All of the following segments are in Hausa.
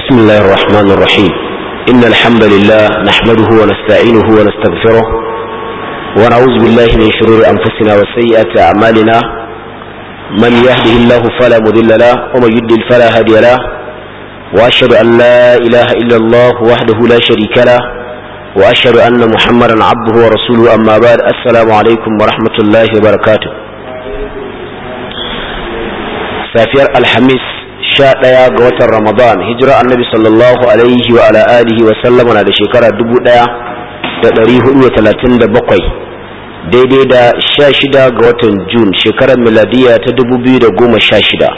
بسم الله الرحمن الرحيم إن الحمد لله نحمده ونستعينه ونستغفره ونعوذ بالله من شرور أنفسنا وسيئات أعمالنا من يهده الله فلا مذل له ومن يدل فلا هادي له وأشهد أن لا إله إلا الله وحده لا شريك له وأشهد أن محمدا عبده ورسوله أما بعد السلام عليكم ورحمة الله وبركاته سافر الحميس sha ɗaya ga watan ramadan hijira annabi sallallahu alaihi wa na da shekara dubu ɗaya da ɗari hudu da talatin da bakwai daidai da sha shida ga watan jun shekarar miladiya ta dubu biyu da goma sha shida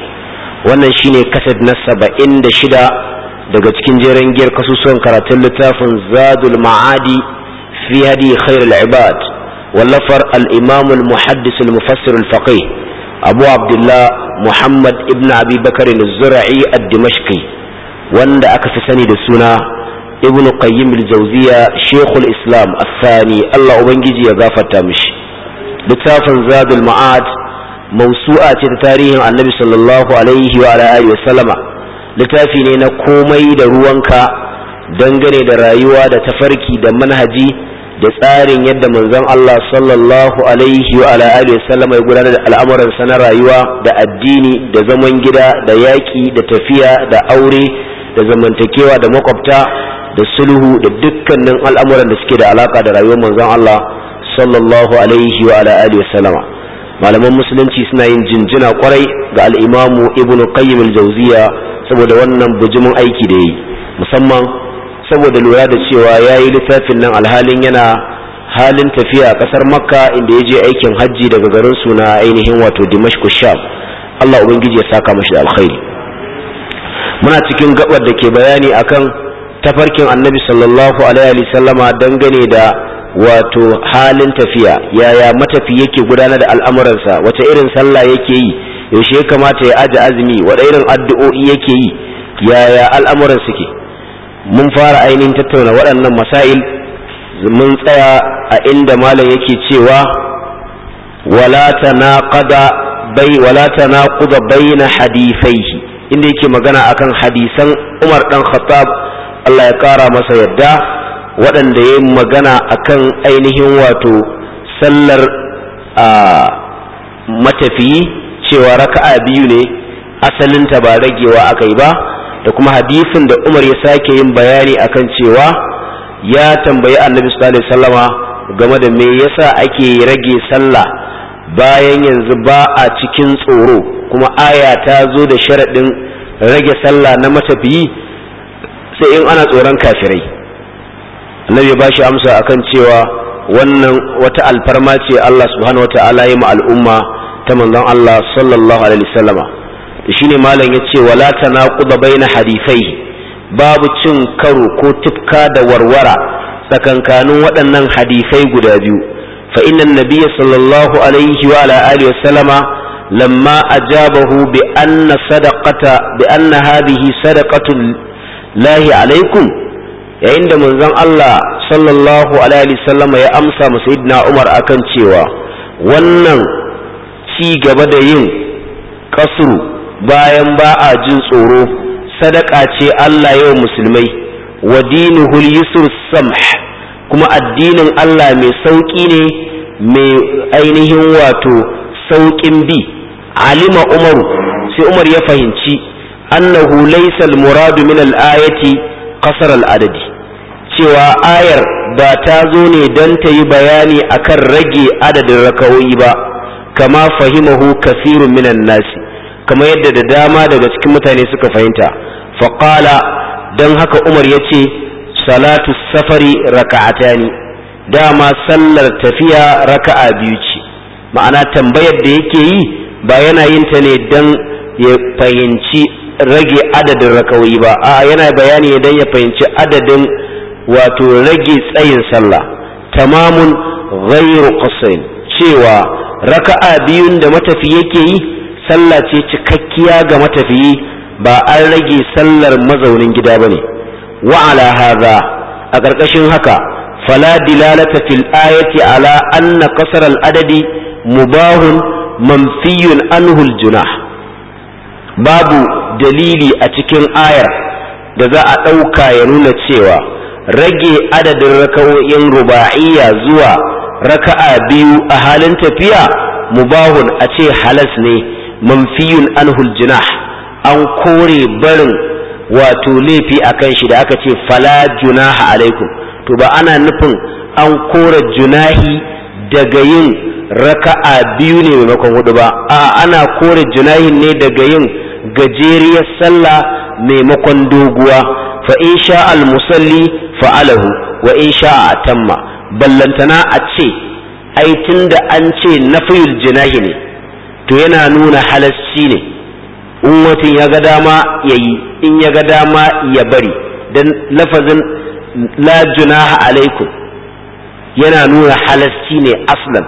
wannan shine kasad na saba'in da shida daga cikin jeren giyar kasusuwan karatun littafin zadul ma'adi fi hadi khairul ibad wallafar al-imamul muhaddis al-mufassir al-faqih abu abdullah muhammad ibn abi bakarin zura'i ad-dimashqi wanda aka fi sani da suna ibn qayyim al-jawziya shekul islam asani allah ubangiji ya gafarta mishi littafin zadul ma'ad mausu'a ce ta tarihin annabi sallallahu alaihi wa alihi wa sallama littafi ne na komai da ruwanka dangane da rayuwa da tafarki da manhaji da tsarin yadda manzon Allah sallallahu alaihi wa ala alihi sallama ya gudanar da al'amuran na rayuwa da addini da zaman gida da yaƙi da tafiya da aure da zamantakewa da makwabta da sulhu da dukkanin al'amuran da suke da alaka da rayuwar manzon Allah sallallahu alaihi wa ala alihi sallama malaman musulunci suna yin jinjina kwarai ga al'imamu ibnu qayyim al-jawziya saboda wannan bujumin aiki da yi musamman saboda lura da cewa ya yi littafin nan alhalin yana halin tafiya a ƙasar makka inda ya je aikin hajji daga garin suna ainihin wato dimashku sham allah ubangiji ya saka mashi da alkhairi muna cikin gabar da ke bayani akan tafarkin annabi sallallahu alaihi sallama dangane da wato halin tafiya yaya matafi yake gudanar da al'amuransa wace irin sallah yake yi yaushe ya kamata ya aji azumi waɗa irin addu'o'i yake yi yaya al'amuran suke mun fara ainihin tattauna waɗannan masail mun tsaya a inda malam yake cewa wala ta bai kuda baina hadifai? inda yake magana akan hadisan Umar ɗan Khattab Allah ya ƙara masa yadda waɗanda ya magana akan ainihin wato sallar a matafiyi cewa raka'a biyu ne asalinta ba ragewa aka yi ba da kuma hadisin da Umar ya sake yin bayani akan cewa ya tambayi Annabi sallallahu alaihi wasallama game da me yasa ake rage sallah bayan yanzu ba a cikin tsoro kuma aya ta zo da sharaɗin rage sallah na matafiyi sai in ana tsoron kafirai annabi ya bashi amsa akan cewa wannan wata alfarma ce Allah subhanahu wa ta'ala ya ma al'umma ta manzon Allah sallallahu alaihi wasallama shine malam ya yace wala tanaquda baina hadithai babu cin karo ko tifka da warwara tsakankanin waɗannan hadisai guda biyu fa inna nabiyya sallallahu alaihi wa ala alihi wasallama lamma ajabahu bi anna sadaqata bi anna hadhihi lahi alaikum yayin da manzon Allah sallallahu alaihi wasallama ya amsa mu sayyidina Umar akan cewa wannan ci gaba da yin kasru bayan ba a jin tsoro sadaka ce Allah yau musulmai wa dinuhul yusr samh kuma addinin Allah mai sauki ne mai ainihin wato sauƙin bi alima umaru sai umar ya fahimci annahu laysa muradu min al-ayati qasar al-adadi cewa ayar ba ta zo ne don ta yi bayani akan rage adadin rakawoyi ba kama fahimahu kasirun minan nasi kamar yadda da dama daga cikin mutane suka fahimta faƙala don haka umar ya ce salatu safari raka'ata ne dama sallar tafiya raka'a biyu ce ma'ana tambayar da yake yi ba yana yin ta ne don ya fahimci rage adadin rakawai ba a yana bayani ne don ya fahimci adadin wato rage tsayin sallah tamamun ghairu qasain cewa raka'a biyun da matafi yake yi sallah ce cikakkiya ga matafiyi ba an rage sallar mazaunin gida bane wa ala hadha a ƙarƙashin haka fala dilalata fil ayati ala anna qasar al adadi mubahun mamfiyun anhu al junah babu dalili a cikin ayar da za a ɗauka ya nuna cewa rage adadin raka'o'in ruba'iyya zuwa raka'a biyu a halin tafiya mubahun a ce halas ne manfiyun anhul jinah an kore barin wato laifi akan shi da aka ce fala junaha alaikum to ba ana nufin an kore junahi daga yin raka'a biyu ne maimakon hudu ba a ana kore junahin ne daga yin gajeriyar sallah maimakon doguwa fa in sha al musalli alahu, wa in sha tamma ballantana a ce ai tunda an ce nafiyul jinahi ne to yana nuna halasci ne in mutum ya ga dama ya yi in ya ga dama ya bari don lafazin la junaha alaikum yana nuna halasci ne aslan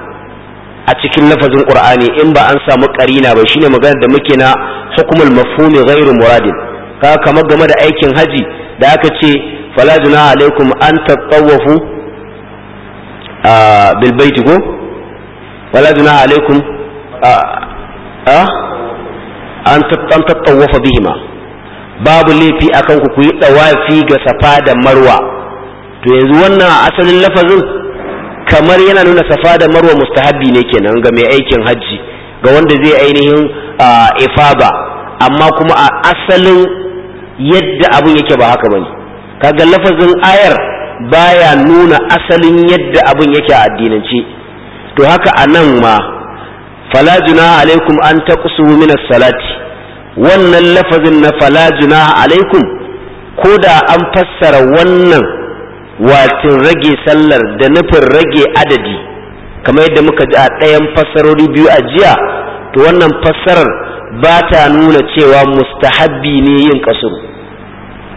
a cikin lafazin qur'ani in ba an samu karina ba shine maganar da muke na hukumul mafhumi ghairu muradin ka kamar game da aikin haji da aka ce fala junaha alaikum an tatawafu ah, bil baiti ko wala junaha alaikum ah, an tattawafa bihima babu laifi akan ku yi dawafi ga safa da marwa to yanzu wannan asalin lafazin kamar yana nuna safa da marwa mustahabi ne kenan ga mai aikin hajji ga wanda zai ainihin ifaba amma kuma a asalin yadda abun yake ba haka bane kaga lafazin ayar baya nuna asalin yadda abun yake a addinance to haka a nan ma fala junaha alaikum an taqsuru min as-salati wannan lafazin na fala juna alaikum ko da an fassara wannan watin rage sallar da nufin rage adadi kamar yadda muka ji a ɗayan fassarori biyu a jiya to wannan fassarar ba ta nuna cewa mustahabbi ne yin kasur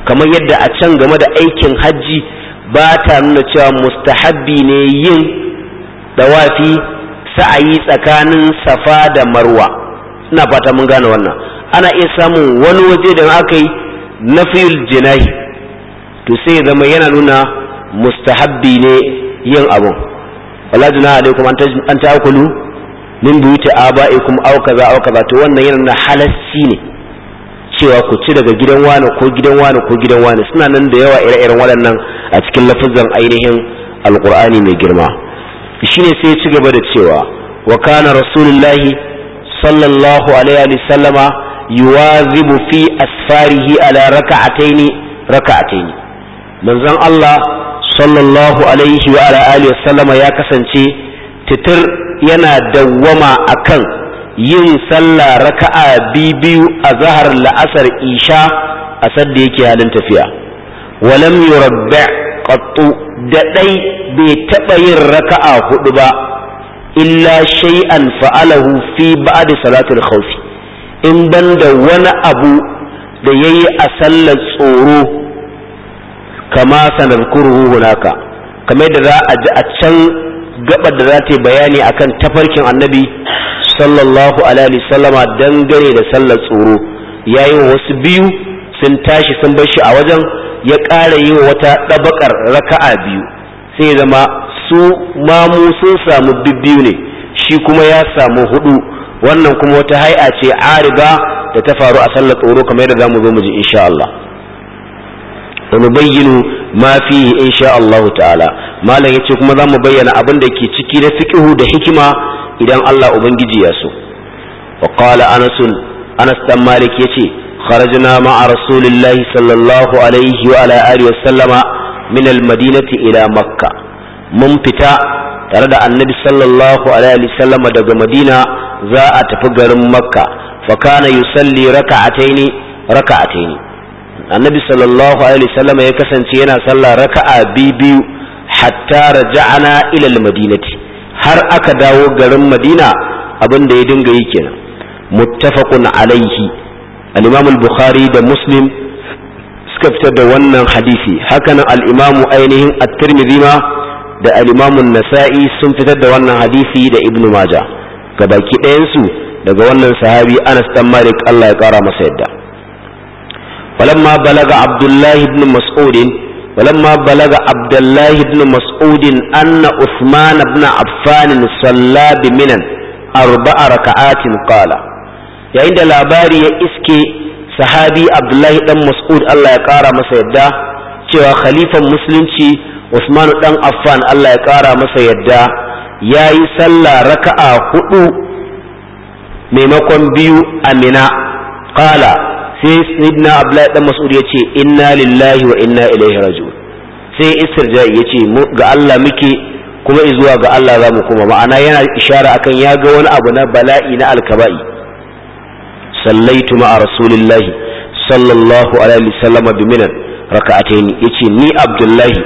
kamar yadda a can game da aikin hajji ba ta nuna cewa mustahabbi ne yin dawafi sa'ayi tsakanin safa da marwa ina fata mun gane wannan ana iya samun wani waje da aka yi na fil jinahi to sai ya zama yana nuna mustahabbi ne yin abun wala jina alaikum an akulu min buyuti abaikum aw kaza aw kaza to wannan yana nuna halarci ne cewa ku ci daga gidan wani ko gidan wani ko gidan wani suna nan da yawa ire-iren waɗannan a cikin lafazan ainihin alkur'ani mai girma shine sai ya ci gaba da cewa wa kana rasulullahi sallallahu alaihi wa sallama yuwazibu fi asfarihi ala raka'ataini raka'ataini manzon Allah sallallahu alaihi wa ala alihi sallama ya kasance titir yana dawwama akan yin sallah raka'a biyu a zahar la'asar isha a sadda yake halin tafiya walam yurabba qattu da dai bai taɓa yin raka'a hudu ba illa shay'an fa'alahu fi ba'd salatul khawfi in banda wani abu da yayi a sallar tsoro kama sanadkuruhu hunaka kamar da za a ji a can gabar da za ta yi bayani akan tafarkin annabi sallallahu alaihi sallama dangane da sallar tsoro yayi wasu biyu sun tashi sun bar shi a wajen ya ƙara yi wata ɗabakar raka'a biyu sai zama su mamu sun samu bibbiyu ne shi kuma ya samu hudu wannan kuma wata hai'a ce ariba da ta faru a sallar tsoro kamar yadda zamu zo mu ji insha Allah wa nubayyinu ma fihi insha Allah ta'ala malam yace kuma zamu bayyana abin da ke ciki na fiqhu da hikima idan Allah ubangiji ya so wa qala Anas Anas dan Malik yace kharajna ma rasulillahi sallallahu alaihi wa ala alihi wa sallama min almadinati ila makka mun fita tare da annabi sallallahu alaihi wasallam daga madina za a tafi garin makka fa kana yusalli raka'ataini raka'ataini annabi sallallahu alaihi wasallam ya kasance yana sallah raka'a biyu hatta raja'ana ila almadinati har aka dawo garin madina abinda ya dinga yi kenan muttafaqun alaihi al-imam al-bukhari da muslim suka fitar da wannan hadisi hakanan al'imamu ainihin at-tirmidhi ma da al'imamun nasa'i sun fitar da wannan hadisi da ibnu maja ga baki ɗayansu daga wannan sahabi anas dan malik allah ya ƙara masa yadda walamma balaga abdullahi ibn mas'udin walamma balaga abdullahi ibn mas'udin anna usman ibn affan salla bi minan arba'a raka'atin qala yayin da labari ya iske sahabi abdullahi dan mas'ud Allah ya kara masa yadda cewa khalifan musulunci usman dan affan Allah ya kara masa yadda ya yi sallah raka'a hudu maimakon biyu amina qala sai sidna abdullahi dan mas'ud ya ce inna lillahi wa inna ilaihi raji'un sai istirja'i ya ce ga Allah muke kuma izuwa ga Allah za mu kuma ma'ana yana ishara akan ya ga wani abu na bala'i na alkaba'i sallaitu ma'a rasulillahi sallallahu alaihi wasallam biminan raka'atayn yace ni abdullahi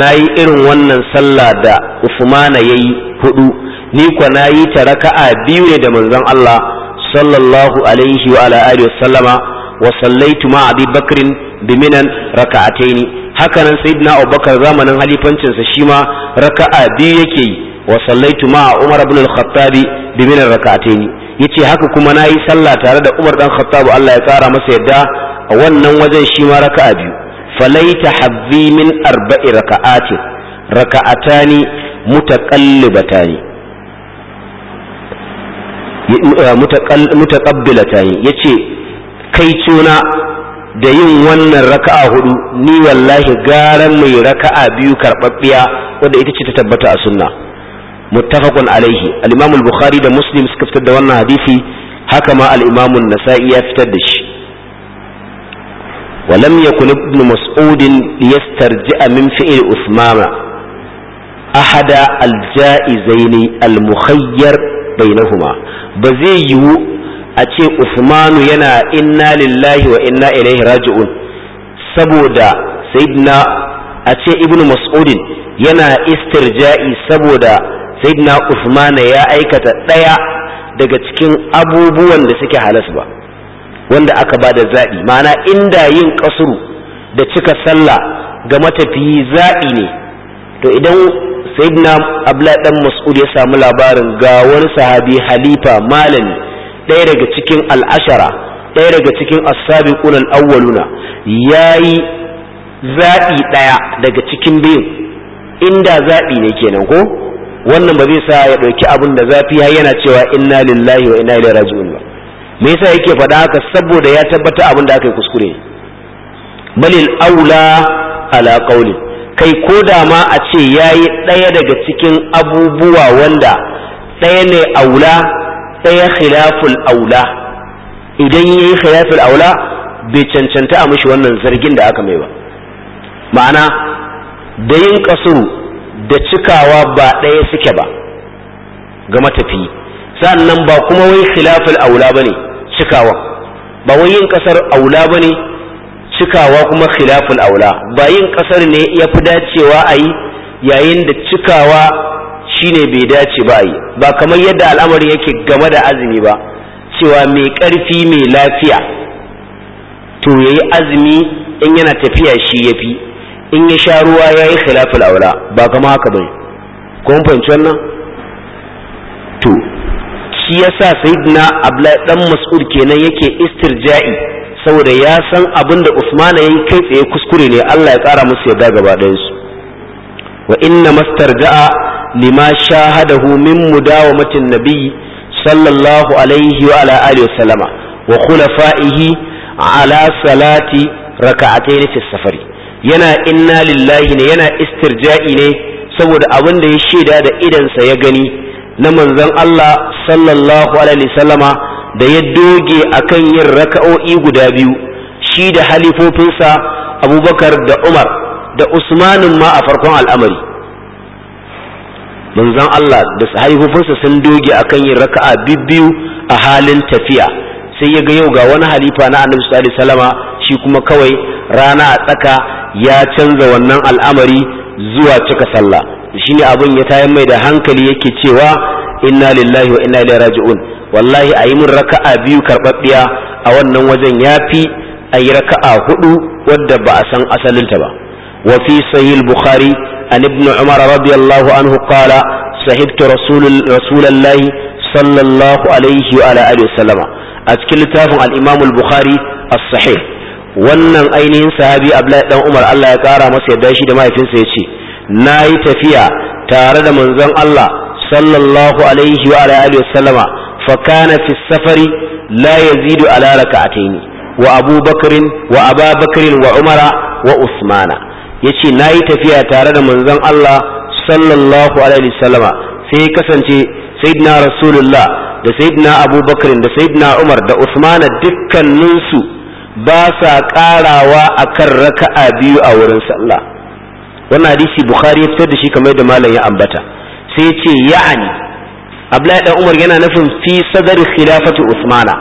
nayi irin wannan sallah da usmana yayi hudu ni kwa nayi ta raka'a biyu ne da manzon Allah sallallahu alaihi wa ala alihi wasallama wa sallaitu ma'a abi bakrin biminan raka'atayn hakanan sayyidina abubakar zamanin halifancinsa shi ma raka'a biyu yake yi wa sallaitu ma'a umar ibn al-khattabi biminan raka'atayn yace haka kuma nayi sallah tare da Umar dan Khattab Allah ya tsara masa yadda a wannan wajen shi ma raka'a biyu falaita habbi min arba'i raka'ati raka'atani mutaqallibatani eh, mutaqabbilatani yace kai tuna da yin wannan raka'a hudu ni wallahi garan mai raka'a biyu karbabbiya wanda ita ce ta tabbata a sunna muttafaqun alaihi al bukhari da muslim suka fitar da wannan hadisi haka ma al nasai ya fitar da shi wa lam yakun Mas'udin mas'ud yastarji'a min fi'l usman ahada al-ja'izaini Almukhayyar mukhayyar ba zai yiwu a ce usmanu yana inna lillahi wa'inna inna ilaihi raji'un saboda sayyidina a ce ibn mas'ud yana istirja'i saboda sayyidina usman ya aikata ɗaya daga cikin abubuwan da suke halas ba wanda aka ba da zaɓi ma'ana inda yin kasuru da cika sallah ga matafiyi zaɓi ne to idan sayyidina abla dan mas'ud ya samu labarin ga wani sahabi halifa malami ɗaya daga cikin al'ashara ɗaya daga cikin as-sabiqun Awwaluna awwaluna yayi zaɓi ɗaya daga cikin biyu inda zaɓi ne kenan ko wannan ba zai sa ya ɗauki abin da zafi har yana cewa inna lillahi wa inna ilaihi raji'un ba me yasa yake faɗa haka saboda ya tabbata abin da aka yi kuskure balil aula ala qawli kai ko da ma a ce yayi ɗaya daga cikin abubuwa wanda ɗaya ne aula ɗaya khilaful aula idan yayi khilaful aula bai cancanta a mishi wannan zargin da aka mai ba ma'ana da yin kasuru da cikawa ba ɗaya suke ba ga matafi sannan ba kuma wai khilafin aula ne, cikawa ba wai yin kasar aula ne, cikawa kuma khilafin aula ba yin kasar ne ya fi dacewa a yi yayin da cikawa shi ne bai dace ba yi ba kamar yadda al'amarin yake game da azumi ba cewa mai ƙarfi mai lafiya to ya yi azumi in yana tafiya shi ya fi. in ya sha ruwa ya yi khilaful aula ba kama haka bai ko fahimci wannan to shi ya yasa na abdullahi dan mas'ud kenan yake istirja'i saboda ya san abin da usman yi kai tsaye kuskure ne Allah ya kara musu yadda gaba ɗayan su wa inna ga'a lima shahadahu min mudawamatin nabiyyi sallallahu alaihi wa ala alihi wa sallama wa khulafa'ihi ala salati raka'atayn fi safari yana inna lillahi ne yana istirja'i ne saboda abin da ya shaida da idansa ya gani na manzon Allah sallallahu alaihi wasallama da ya doge akan yin raka'o'i guda biyu shi da halifofinsa Abubakar da Umar da Usmanin ma a farkon al'amari manzon Allah da halifofinsa sun doge akan yin raka'a biyu a halin tafiya sai ya ga yau ga wani halifa na Annabi sallallahu alaihi wasallama shi kuma kawai rana a tsaka ya canza wannan al'amari zuwa cika sallah shine abin ya tayar mai da hankali yake cewa inna lillahi wa inna ilaihi raji'un wallahi a yi min raka'a biyu karɓaɓɓiya a wannan wajen ya fi a yi raka'a hudu wadda ba a san asalinta ba wa fi sahih bukhari an ibn umar radiyallahu anhu qala sahibtu rasul rasulullahi sallallahu alaihi wa ala alihi wasallama a cikin littafin al-imam al-bukhari as-sahih wannan ainihin sahabi abdullahi dan umar Allah ya kara masa yadda shi da mahaifinsa ya ce na yi tafiya tare da manzon Allah sallallahu alaihi wa alihi wa sallama fa kana fi safari la yazidu ala raka'ataini wa Abu Bakrin wa Aba wa Umar wa Usmana yace na yi tafiya tare da manzon Allah sallallahu alaihi wa sallama sai kasance sayyidina rasulullah da sayyidina Abubakar da sayyidina Umar da Usmana dukkaninsu ba sa ƙarawa a kan raka'a biyu a wurin sallah wannan hadisi bukhari ya fitar da shi kamar da malam ya ambata sai ya ce ya'ani abdullahi dan umar yana nufin fi sadari khilafatu usmana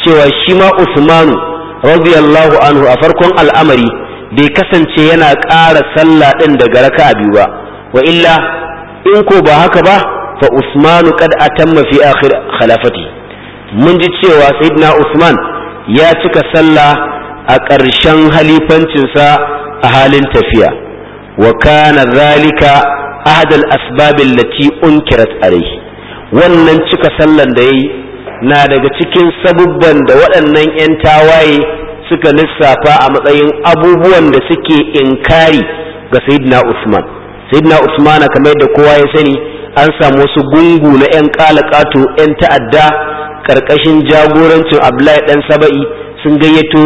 cewa shi ma usmanu radiyallahu anhu a farkon al'amari bai kasance yana ƙara sallah ɗin daga raka'a biyu ba wa illa in ko ba haka ba fa usmanu kad atamma fi akhir khilafati mun ji cewa sayyidina usman ya cika sallah a ƙarshen halifancinsa a halin tafiya wa kana zalika ahad asbabin lati unkirat alayhi wannan cika sallan da yayi na daga cikin sabubban da waɗannan 'yan tawaye suka lissafa a matsayin abubuwan da suke inkari ga sayyidina Usman sayyidina Usman kamar da kowa ya sani an samu wasu gungu na 'yan kalakatu 'yan ta'adda ƙarƙashin jagorancin abdullahi ɗan saba'i sun gayyato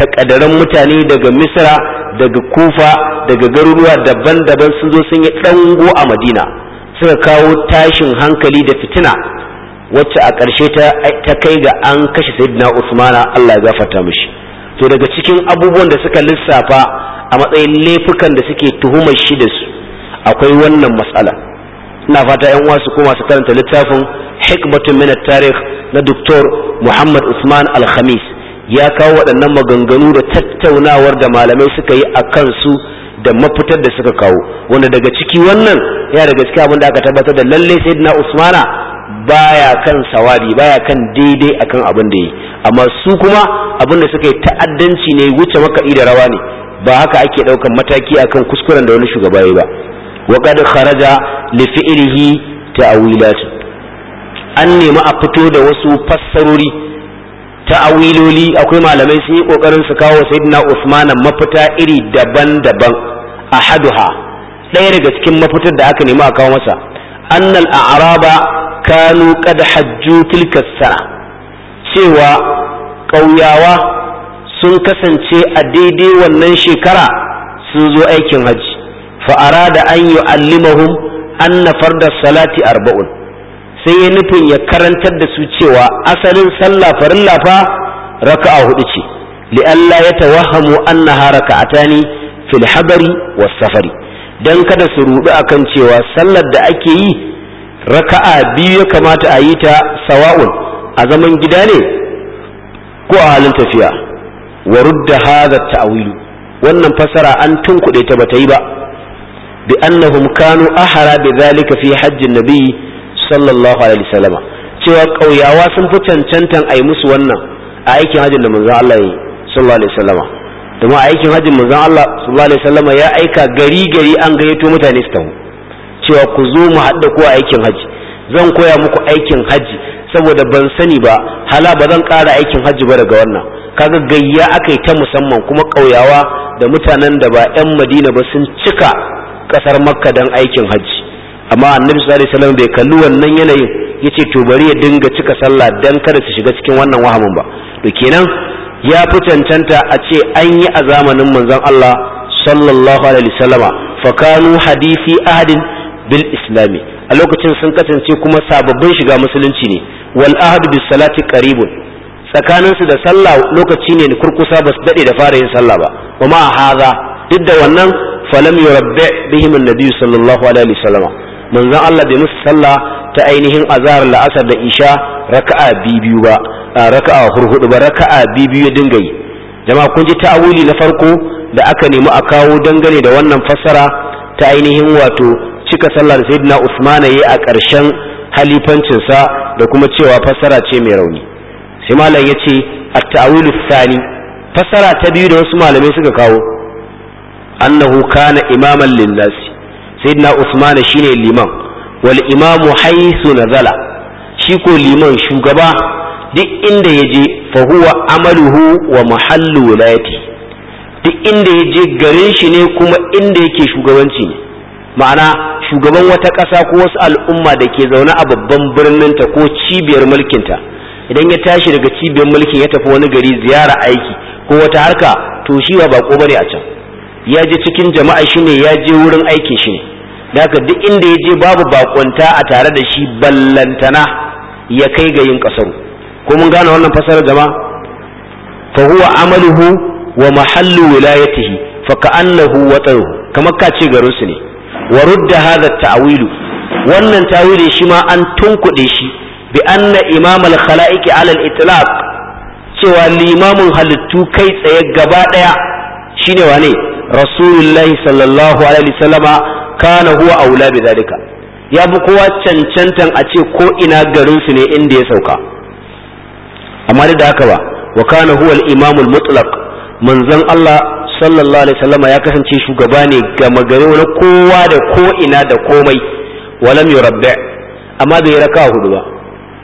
takadaran mutane daga misra daga kufa daga garuruwa daban-daban sun zo sun yi ɗango a madina suka kawo tashin hankali da fitina wacce a ƙarshe ta kai ga an kashe sayyidina usmana allah ya gafarta mishi to daga cikin abubuwan da suka lissafa a matsayin laifukan da suke tuhumar shi da su akwai wannan matsala ina fata yan uwa su koma su karanta littafin hikmatun min tarikh na Dr. Muhammad Usman Al-Khamis ya kawo waɗannan maganganu da tattaunawar da malamai suka yi a kansu da mafitar da suka kawo wanda daga ciki wannan ya daga cikin abin da aka tabbatar da lalle sayyidina Usmana baya kan sawabi baya kan daidai akan abin da yi amma su kuma abin da suka yi ta'addanci ne wuce makaɗi da rawa ne ba haka ake ɗaukan mataki akan kuskuren da wani shugaba ya ba wa qad kharaja li fi'lihi ta'wilat an nemi a fito da wasu fassarori ta'awiloli akwai malamai sun yi kokarin su kawo sayyidina Usman mafita iri daban-daban ahaduha ɗaya daga cikin mafitar da aka nemi a kawo masa annal a'raba kanu qad hajju tilka cewa ƙauyawa sun kasance a daidai wannan shekara sun zo aikin hajji fa arada an yu'allimahum anna farda salati arba'un sai ya nufin ya karantar da su cewa asalin sallah farilla fa raka'a hudu ce li alla yatawahhamu annaha raka'atani fil habari was safari dan kada su rudu akan cewa sallar da ake yi raka'a biyu ya kamata a yi ta sawa'un a zaman gida ne ko a halin tafiya wa rudda hadha ta'wilu wannan fasara an tunkuɗe ta bata yi ba bi annahum kanu ahara bi zalika fi hajjin nabi sallallahu alaihi wasallam cewa kauyawa sun fi cancantan ai musu wannan a aikin hajji da manzon Allah sallallahu alaihi wasallam domin a aikin hajjin manzon Allah sallallahu alaihi wasallam ya aika gari gari an gayyato mutane su tafi cewa ku zo mu haɗa ko aikin hajji zan koya muku aikin hajji saboda ban sani ba hala ba zan ƙara aikin hajji ba daga wannan kaga gayya aka ta musamman kuma ƙauyawa da mutanen da ba 'yan madina ba sun cika kasar makka don aikin hajji amma annabi sallallahu alaihi bai kalli wannan yanayin yace to bari ya dinga cika sallah dan kada su shiga cikin wannan wahamin ba to kenan ya fi cancanta a ce an yi a zamanin manzon Allah sallallahu alaihi wasallama fa kanu hadisi ahadin bil islami a lokacin sun kasance kuma sababbin shiga musulunci ne wal ahadu bis salati qaribun tsakaninsu da sallah lokaci ne kurkusa ba su dade da fara yin sallah ba kuma a haza duk da wannan falam yurabbi bihim annabi sallallahu alaihi wasallam manzon Allah bai musu sallah ta ainihin azhar la'asar da isha raka'a biyu ba raka'a hurhudu ba raka'a biyu ya dinga yi jama'a kun ji ta'awuli na farko da aka nemi a kawo dangane da wannan fassara ta ainihin wato cika sallah da sayyidina Usman yayi a ƙarshen halifancinsa da kuma cewa fassara ce mai rauni sai malam yace at tawilu tsani fassara ta biyu da wasu malamai suka kawo annahu kana imaman linnas sayyidina usman shine liman wal imamu haythu nazala shi ko liman shugaba duk inda yaje fa huwa amaluhu wa mahallu wilayati duk inda yaje garin shi ne kuma inda yake shugabanci ne ma'ana shugaban wata ƙasa ko wasu al'umma da ke zaune a babban birninta ko cibiyar mulkinta idan ya tashi daga cibiyar mulkin ya tafi wani gari ziyara aiki ko wata harka to shi ba bako bane a can ya je cikin jama'a shine ya je wurin aikin shi ne da duk inda ya je babu bakonta a tare da shi ballantana ya kai ga yin kasaru ko mun gane wannan fasarar jama'a fa huwa amaluhu wa mahallu wilayatihi fa ka'annahu wataru kamar ka ce garin su ne wa rudda hadha ta'wilu wannan tawili shi ma an tunkuɗe shi bi anna imam al khalaiq ala al-itlaq cewa limamin halittu kai tsaye gaba daya shine wane rasulullahi sallallahu alaihi wasallama kana huwa aula bi zalika ya fi kowa cancantan a ce ko'ina garinsu ne inda ya sauka amma da haka ba wa kana huwa al-imamul mutlaq manzon Allah sallallahu alaihi wasallama ya kasance shugaba ne gama magare na kowa da ko da komai walam yurabbi amma bai raka hudu ba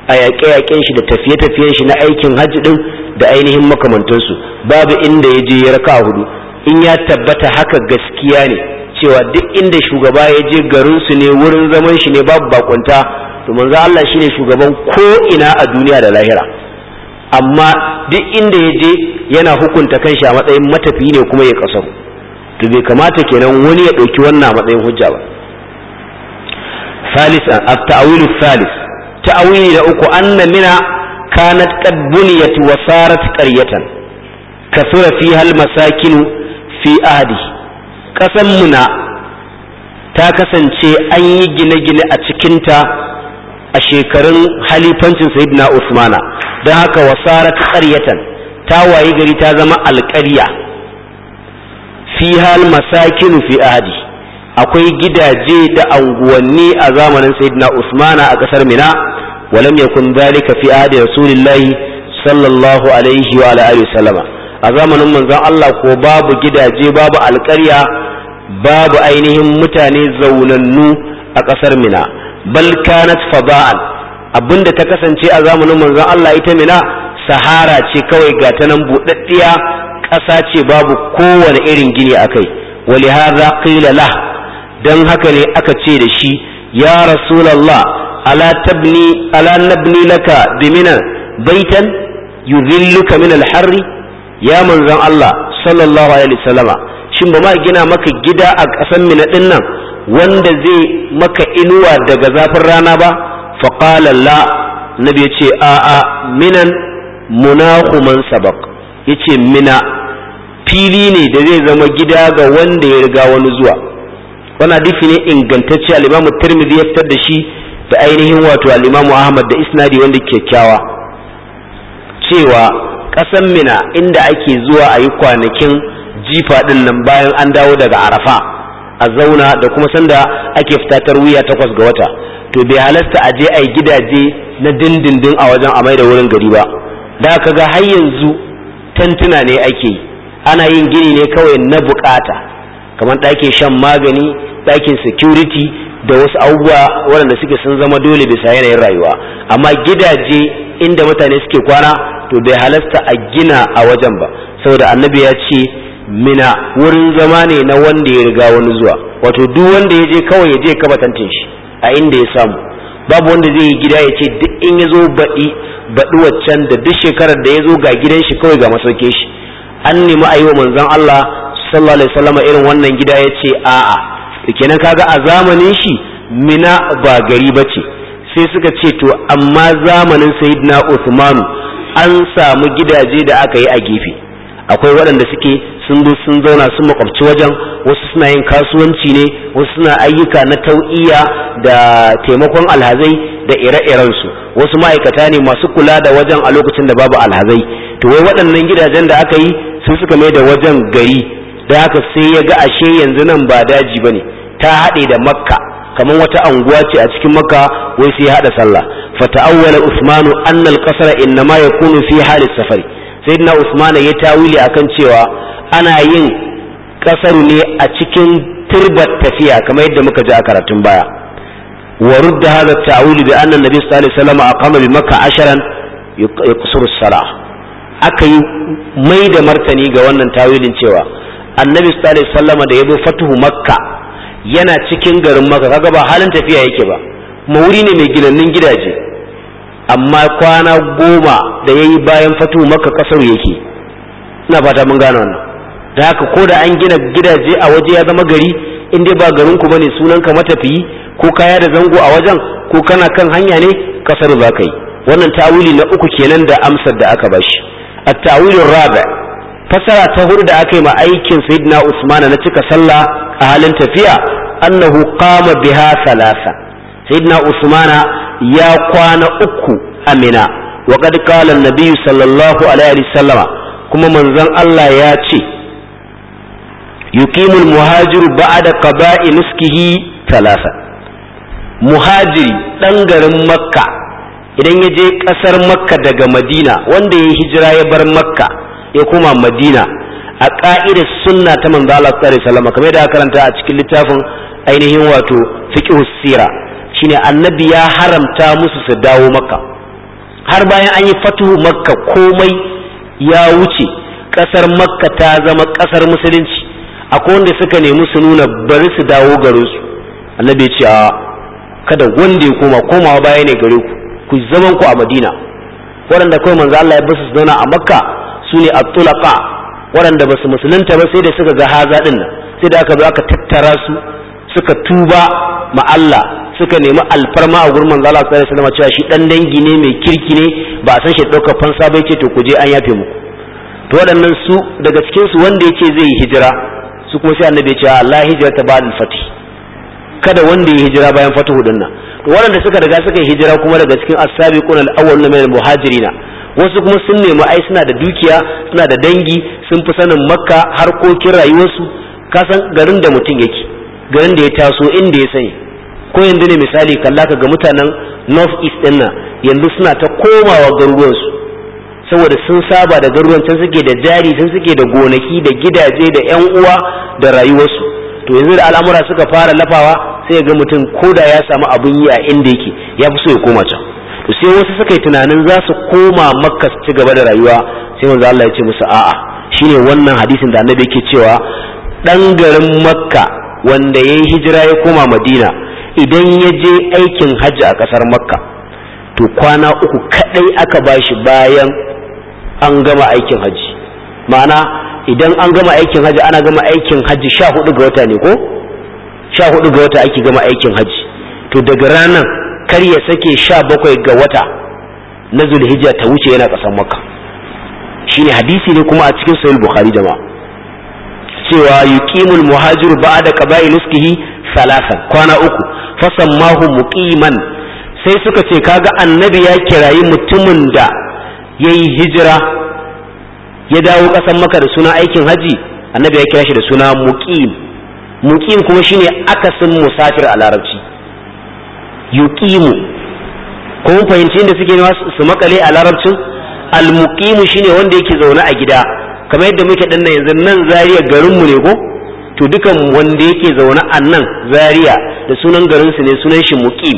a yaƙe-yaƙen shi da tafiye-tafiyen shi na aikin hajji ɗin da ainihin makamantansu babu inda ya je ya raka hudu in ya tabbata haka gaskiya ne cewa duk inda shugaba ya je garinsu ne wurin zaman shi ne babu bakunta to manzo Allah shine shugaban ko ina a duniya da lahira amma duk inda ya je yana hukunta kanshi a matsayin matafi ne kuma ya kasar to bai kamata kenan wani ya ɗauki wannan matsayin hujja ba ثالثا التأويل uku anna mina kanat qad buniyat wa sarat qaryatan kasura fiha al المساكن fi ahadi ƙasan muna ta kasance an yi gine-gine a cikinta a shekarun halifancin sayyidina usmana don haka wasarat ƙaryatan ta wayi gari ta zama alƙarya fi hal masakinu fi ahadi akwai gidaje da anguwanni a zamanin sayyidina usmana a ƙasar mina walam yakun zalika fi ahadi rasulillahi sallallahu alaihi wa alihi a zamanin manzon Allah ko babu gidaje babu alƙarya babu ainihin mutane zaunannu a ƙasar mina bal kanat faba'an abinda ta kasance a zamanin manzon Allah ita mina sahara ce kawai ga ta nan buɗaɗɗiya ƙasa ce babu kowane irin gini a kai wali hadha qila lah dan haka ne aka ce da shi ya rasulullah ala tabni ala nabni laka biminan baitan yuzilluka min alharri? harri ya manzon Allah sallallahu alaihi wasallama shin ba ma gina maka gida a ƙasan mina din nan wanda zai maka inuwa daga zafin rana ba fa qala la nabi yace a a minan munahu man sabaq yace mina fili ne da zai zama gida ga wanda ya riga wani zuwa wannan dafi ne ingantacce al-Imam Tirmidhi ya fitar da shi da ainihin wato al-Imam Ahmad da isnadi wanda kyakkyawa cewa kasan mina inda ake zuwa a yi kwanakin jifa ɗin nan bayan an dawo daga arafa a zauna da kuma sanda ake fitatar wuya takwas ga wata to bai halasta a je a yi gidaje na dindindin a wajen amai da wurin gari ba da ka ga har yanzu tantuna ne ake yi ana yin gini ne kawai na bukata kamar ɗakin shan magani Dakin security da wasu abubuwa waɗanda suke sun zama dole bisa yanayin rayuwa amma gidaje inda mutane suke kwana to bai halasta a gina a wajen ba saboda annabi ya ce mina wurin zama ne na wanda ya riga wani zuwa wato duk wanda ya je kawai ya je kaba tantin shi a inda ya samu babu wanda zai yi gida ya ce duk in ya zo baɗi baɗi waccan da duk shekarar da ya zo ga gidan shi kawai ga masauke shi an nemi a yi wa manzon Allah sallallahu alaihi wasallam irin wannan gida ya ce a'a da kenan kaga a zamanin shi mina ba gari bace sai suka ce to amma zamanin sayyidina Uthmanu an samu gidaje da aka yi a gefe akwai waɗanda suke sun zo sun zauna sun makwabci wajen wasu suna yin kasuwanci ne wasu suna ayyuka na tau'iya da taimakon alhazai da ire iren su, wasu ma'aikata ne masu kula da wajen a lokacin da babu alhazai to wai waɗannan gidajen da aka yi sun suka mai da wajen gari da haka sai ya ga ashe yanzu nan ba daji ba ne ta haɗe da makka kamar wata anguwa ce a cikin makka wai sai haɗa sallah fata'awwala usmanu anna al-qasra innama yakunu fi halis safari sayyidina usmana ya tawili akan cewa ana yin kasaru ne a cikin turbar tafiya kamar yadda muka ji a karatun baya wa rudda hadha at-ta'wil bi anna an-nabi sallallahu alaihi wasallam aqama bi makka asharan yaqsuru as aka yi mai da martani ga wannan tawilin cewa annabi sallallahu alaihi wasallam da yabo fatuhu makka yana cikin garin maka kaga ba halin tafiya yake ba kuma wuri ne mai ginannin gidaje amma kwana goma da ya yi bayan fatu maka kasar yake ina fata mun gane wannan da haka ko da an gina gidaje a waje ya zama gari in dai ba garin ku bane sunan ka matafiyi ko kaya da zango a wajen ko kana kan hanya ne kasar za ka yi wannan tawili na uku kenan da amsar da aka bashi at-tawilur rabi' fasara ta hudu da aka yi ma aikin sayyidina usman na cika sallah a halin tafiya annahu qama biha salasa sayyidina usman ya kwana uku a mina wa qad qala an-nabiy sallallahu alaihi wasallama kuma manzon Allah ya ce yuqimul muhajiru ba'da qaba'i nuskihi muhajiri dan garin makka idan ya je kasar makka daga madina wanda ya hijira ya bar makka ya koma madina a ƙa'idar sunna ta manzo Allah sallallahu alaihi wasallam kamar da karanta a cikin littafin ainihin wato fiqh sira shine annabi ya haramta musu su dawo makka har bayan an yi fatuhu makka komai ya wuce ƙasar makka ta zama ƙasar musulunci akwai wanda suka nemi su nuna bari su dawo garinsu annabi ya ce a kada wanda ya koma komawa baya ne gare ku ku zaman ku a madina waɗanda kawai manzo Allah ya basu su zauna a makka su ne at waɗanda ba su musulunta ba sai da suka ga haza ɗin nan sai da aka zo aka tattara su suka tuba ma Allah suka nemi alfarma a gurman zala su sallallahu alaihi cewa shi ɗan dangi ne mai kirki ne ba a san shi ɗauka fansa ba yace to ku je an yafe muku to waɗannan su daga cikin su wanda ce zai yi hijira su kuma sai annabi ya ce Allah hijira ba'da al-fatih kada wanda ya hijira bayan fatihu dinnan to waɗanda suka riga suka yi hijira kuma daga cikin as-sabiquna al-awwaluna min al-muhajirina wasu kuma sun nemi ai suna da dukiya suna da dangi sun fi sanin makka harkokin rayuwarsu san garin da mutum yake garin da ya taso inda ya sani ko yanzu ne misali kalla ka ga mutanen north east din nan yanzu suna ta komawa garuruwansu saboda sun saba da garuruwan can suke da jari sun suke da gonaki da gidaje da yan uwa da rayuwarsu to yanzu da al'amura suka fara lafawa sai ga mutum ko da ya samu abin yi a inda yake ya fi so ya koma can to sai wasu suka yi tunanin za su koma makka su ci gaba da rayuwa sai manzo Allah ya ce musu a'a shine wannan hadisin da annabi yake cewa dan garin makka wanda yayi hijira ya koma madina idan ya je aikin hajji a kasar makka to kwana uku kadai aka bashi bayan an gama aikin hajji ma'ana idan an gama aikin hajji ana gama aikin hajji sha hudu ga wata ne ko sha hudu ga wata ake gama aikin hajji to daga ranar kar ya sake sha bakwai ga wata na zulhijja ta wuce yana ƙasar makka ne hadisi ne kuma a cikin sahih bukhari ma. cewa yuqimul muhajir ba'da qaba'il uskihi salasan kwana uku sammahu muqiman sai suka ce kaga annabi ya kirayi mutumin da yayi hijira ya dawo ƙasar maka da suna aikin haji annabi ya kira shi da suna muqim muqim kuma shine akasin musafir a larabci yuqimu ko fahimci inda suke nema su makale a larabcin almuqimu shine wanda yake zaune a gida kamar yadda muke danna yanzu nan zariya garin mu ne ko to dukan wanda yake zaune a nan zariya da sunan garin ne sunan shi muqim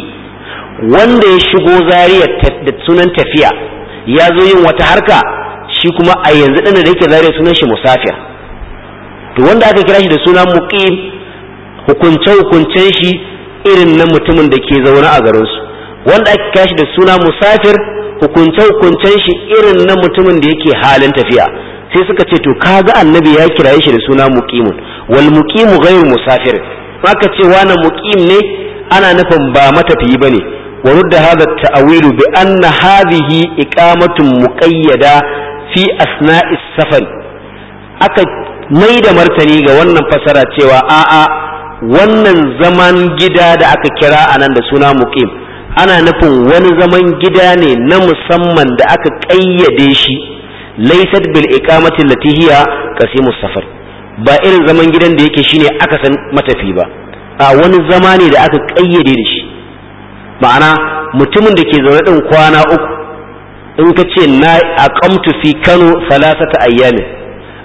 wanda ya shigo zariya da sunan tafiya ya zo yin wata harka shi kuma a yanzu dana da yake zariya sunan shi musafir to wanda aka kira shi da sunan muqim hukunce hukuncen shi irin na mutumin da ke zaune a garinsu wanda ake kashi da suna musafir hukunce-hukuncen shi irin na mutumin da yake halin tafiya sai suka ce to kaga annabi ya kiraye shi da suna muqimun wal muqimu ghayr musafir haka ce wani muqim ne ana nufin ba matafiyi bane wa rudda hadha at bi anna hadhihi iqamatun muqayyada fi asna'is safar aka mai da martani ga wannan fasara cewa a'a wannan zaman gida da aka kira a nan da suna muqim ana nufin wani zaman gida ne na musamman da aka ƙayyade shi laysat bil iqamati lati hiya qasimus safar ba irin zaman gidan da yake shine aka san matafi ba a wani zama ne da aka ƙayyade da shi ma'ana mutumin da ke zaune din kwana uku in ka ce na aqamtu fi kano salasata ayyamin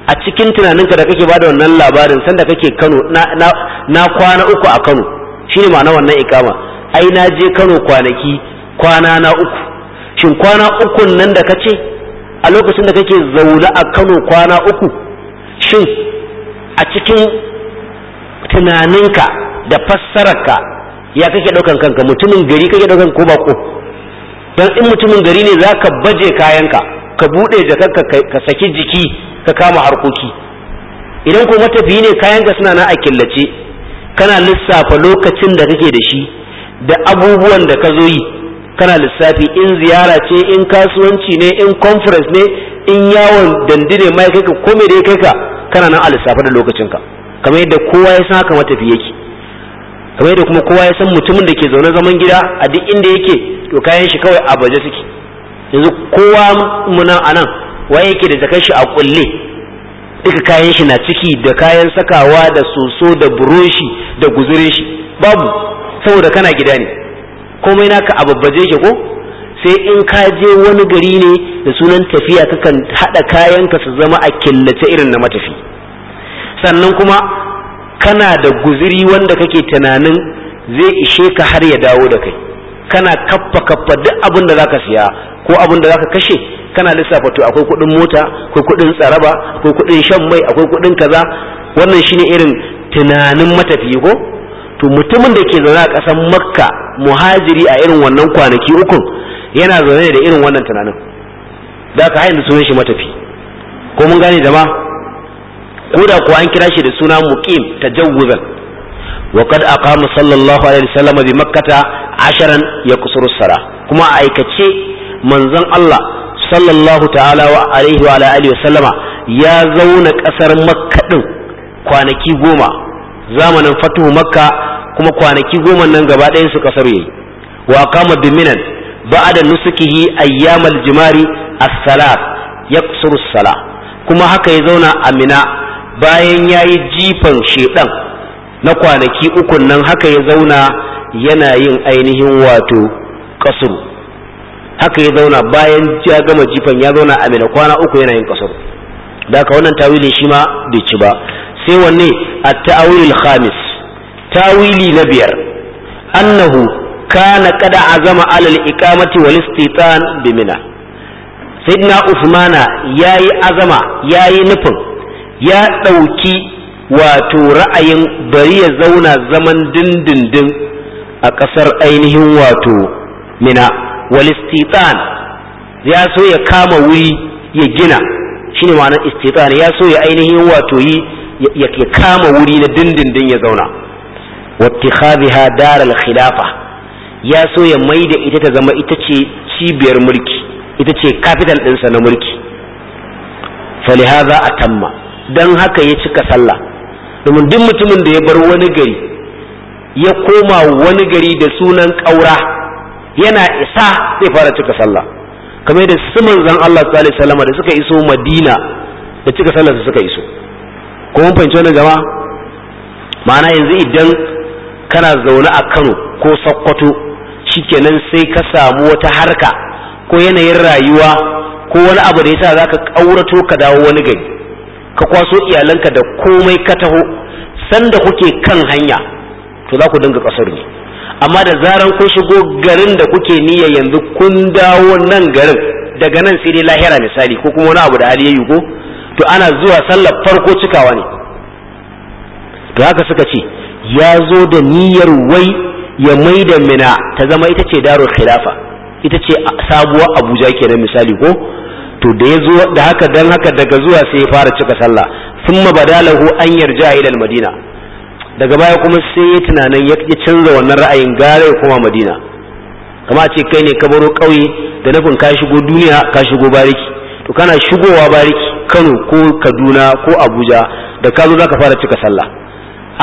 a cikin tunaninka da kake bada wannan labarin sanda kake Kano na kwana uku a Kano shine ma'ana wannan ikama ai na je Kano kwanaki kwana na uku shin kwana uku nan da kace a lokacin da kake zaune a Kano kwana uku shin a cikin tunaninka da fassararka ya kake daukan kanka mutumin gari kake daukan ko bako dan in mutumin gari ne zaka baje kayanka ka buɗe jakarka ka saki jiki ka kama harkoki idan ko matafiyi ne kayanka suna na a killace kana lissafa lokacin da kake da shi da abubuwan da ka zo yi kana lissafi in ziyara ce in kasuwanci ne in conference ne in yawon dandine mai kai ko me da kai ka kana nan a lissafa da lokacinka kamar yadda kowa ya san haka matafi yake kamar yadda kuma kowa ya san mutumin da ke zaune zaman gida a duk inda yake to kayan shi kawai a baje suke yanzu kowa munan anan waye yake da jakar shi a kulle duka kayan shi na ciki da kayan sakawa da soso da buroshi da guzurin shi babu saboda kana gida ne komai naka a babbaje shi ko sai in ka je wani gari ne da sunan tafiya kakan haɗa ka su zama a killace irin na matafi sannan kuma kana da guziri wanda kake tunanin zai ishe ka har ya dawo da kai kana kaffa kaffa duk abin da zaka siya ko abin da zaka kashe kana lissafa to akwai kuɗin mota akwai kuɗin tsaraba akwai kuɗin shan mai akwai kuɗin kaza wannan shine irin tunanin matafiyi ko to mutumin da ke zaune a ƙasar makka muhajiri a irin wannan kwanaki ukun yana zaune da irin wannan tunanin da ka haini sunan shi matafi ko mun gane jama ko da kuwa an kira shi da suna muqim tajawuzan wa qad aqama sallallahu alaihi wasallam bi makkata asharan ya kusuru sara kuma a aikace manzon Allah sallallahu ta'ala wa alaihi wa alihi wa sallama ya zauna kasar makka din kwanaki goma zamanin fatuhu makka kuma kwanaki goma nan gaba ɗayan su kasar yayi wa qama biminan ba'da nusukihi ayyamal jimari as-salat yaksuru sala kuma haka ya zauna a mina bayan yayi jifan shedan na kwanaki ukun nan haka ya zauna yana yin ainihin wato kasuru haka ya zauna bayan ya gama jifan ya zauna a mina kwana uku yana yin kasuru da haka wannan tawilin shi ma bai ci ba sai wanne a ta'awilul khamis tawili na biyar annahu kana kada a zama alal iqamati wal istitan bi mina sayyidina usmana yayi azama yayi nufin ya dauki wato ra'ayin bari ya zauna zaman dindindin a ƙasar ainihin wato mina walistitan ya so ya kama wuri ya gina shi ne ma'anar istitan ya so ya ainihin wato yi ya kama wuri na dindindin ya zauna wattikhadhiha daral khilafa ya so ya maida ita ta zama ita ce cibiyar mulki ita ce capital ɗinsa na mulki falihaza tamma don haka ya cika sallah domin duk mutumin da ya bar wani gari ya koma wani gari da sunan ƙaura yana isa zai fara cika sallah kamar da su zan Allah sallallahu alaihi da suka iso Madina da cika sallah suka iso ko mun fahimci wannan jama'a ma'ana yanzu idan kana zaune a Kano ko Sokoto shikenan sai ka samu wata harka ko yanayin rayuwa ko wani abu da yasa zaka ƙaurato ka dawo wani gari ka kwaso iyalanka da komai ka taho sanda kuke kan hanya to za ku dinga kasar ne amma da zaran kun shigo garin da kuke niyya yanzu kun dawo nan garin daga nan sai dai lahira misali ko kuma wani abu da hali yayi ko to ana zuwa sallar farko cikawa ne to haka suka ce ya zo da niyyar wai ya mai da mina ta zama ita ce darul khilafa ita ce sabuwar abuja kenan misali ko to da ya zo da haka dan haka daga zuwa sai ya fara cika sallah thumma badalahu an yarja ila madina daga baya kuma sai ya tunanin ya canza wannan ra'ayin gare ya koma madina kama ce kai ne ka baro ƙauye da nufin ka shigo duniya ka shigo bariki to kana shigowa bariki kano ko kaduna ko abuja da ka zo za fara cika sallah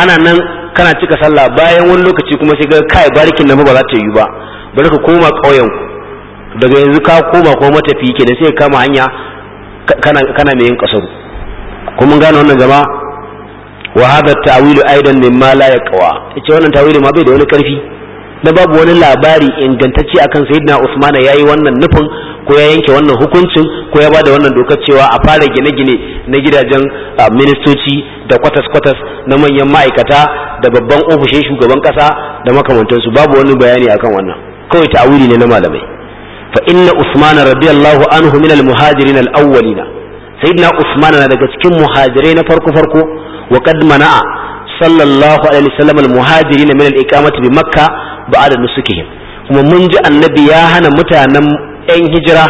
ana nan kana cika sallah bayan wani lokaci kuma sai ga kai barikin nan ba za ta yi ba bari ka koma ƙauyen daga yanzu ka koma ko matafi kenan sai ka kama hanya kana mai yin kasaru kuma gane wannan jama'a wa hadha ta'wilu aidan mimma la yaqwa yace wannan ta'wili ma bai da wani karfi da babu wani labari ingantacce akan sayyidina Usman yayi wannan nufin ko ya yanke wannan hukuncin ko ya bada wannan dokar cewa a fara gine-gine na gidajen ministoci da kwatas-kwatas na manyan ma'aikata da babban ofishin shugaban kasa da makamantansu babu wani bayani akan wannan kawai ta'wili ne na malamai fa inna Usman radiyallahu anhu min al-muhajirin al-awwalina sayyidina usman na daga cikin muhajirai na farko farko wa qad mana'a sallallahu alaihi wasallam al muhajirin min al iqamati bi makka ba'da nusukihim kuma mun ji annabi ya hana mutanen yan hijira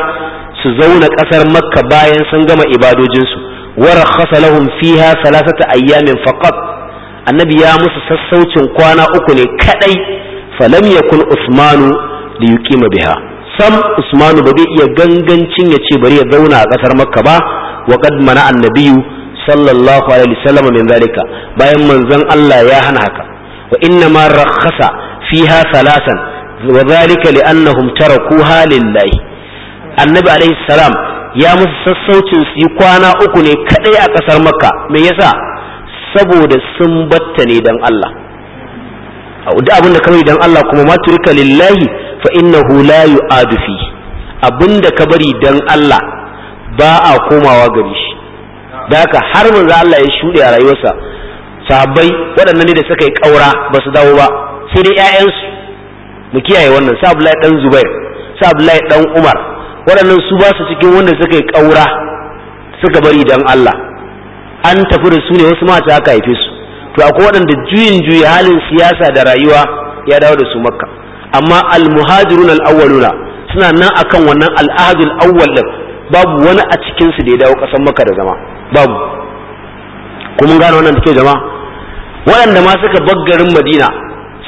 su zauna ƙasar makka bayan sun gama ibadojinsu wa rakhasa lahum fiha salasata ayyamin faqat annabi ya musu sassaucin kwana uku ne kadai falam yakun usmanu li yuqima biha sam usmanu ba zai iya gangancin ya ce bari ya zauna a ƙasar makka ba wa qad mana annabiyyu sallallahu alaihi wasallam min zalika bayan manzon Allah ya hana haka wa inna ma rakhasa fiha salasan wa zalika li'annahum tarakuha lillahi annabi alaihi salam ya musu sassaucin su kwana uku ne kaɗai a ƙasar makka me yasa saboda sun batta ne dan Allah duk abin da kawai dan Allah kuma ma turika lillahi fa innahu la yu'adu abin da ka bari dan Allah ba a komawa gari shi da haka har manzo Allah ya shuɗe a rayuwarsa sahabbai waɗannan ne da suka yi ƙaura ba su dawo ba sai dai ƴaƴansu mu kiyaye wannan sa Abdullahi dan Zubair sa Abdullahi dan Umar waɗannan su ba su cikin wanda suka yi ƙaura suka bari dan Allah an tafi da su ne wasu mata aka haife su to akwai waɗanda juyin juyi halin siyasa da rayuwa ya dawo da su makka amma al-muhajirun al-awwaluna suna nan akan wannan al ahdul awwal babu wani a cikin su da ya dawo ƙasar maka da zama babu kuma gane wannan da kyau jama'a waɗanda ma suka bar garin madina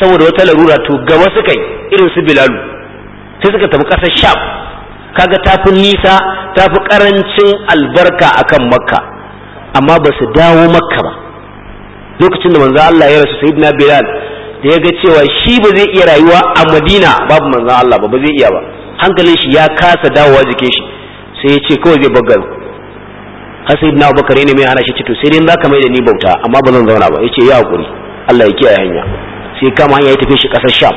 saboda wata larura to gaba suka yi irin su bilalu sai suka tafi ƙasar sham kaga tafi nisa tafi ƙarancin albarka akan makka amma ba su dawo makka ba lokacin da manzo Allah ya rasu sayyidina bilal da ya ga cewa shi ba zai iya rayuwa a madina babu manzo Allah ba ba zai iya ba hankalin shi ya kasa dawowa jikin shi sai ya ce kawai zai bar garin har sai ibn abubakar ne mai hana shi ce to sai dai zaka mai da ni bauta amma ba zan zauna ba ya ce ya hakuri Allah ya kiyaye hanya sai kama hanya ya tafi shi kasar Sham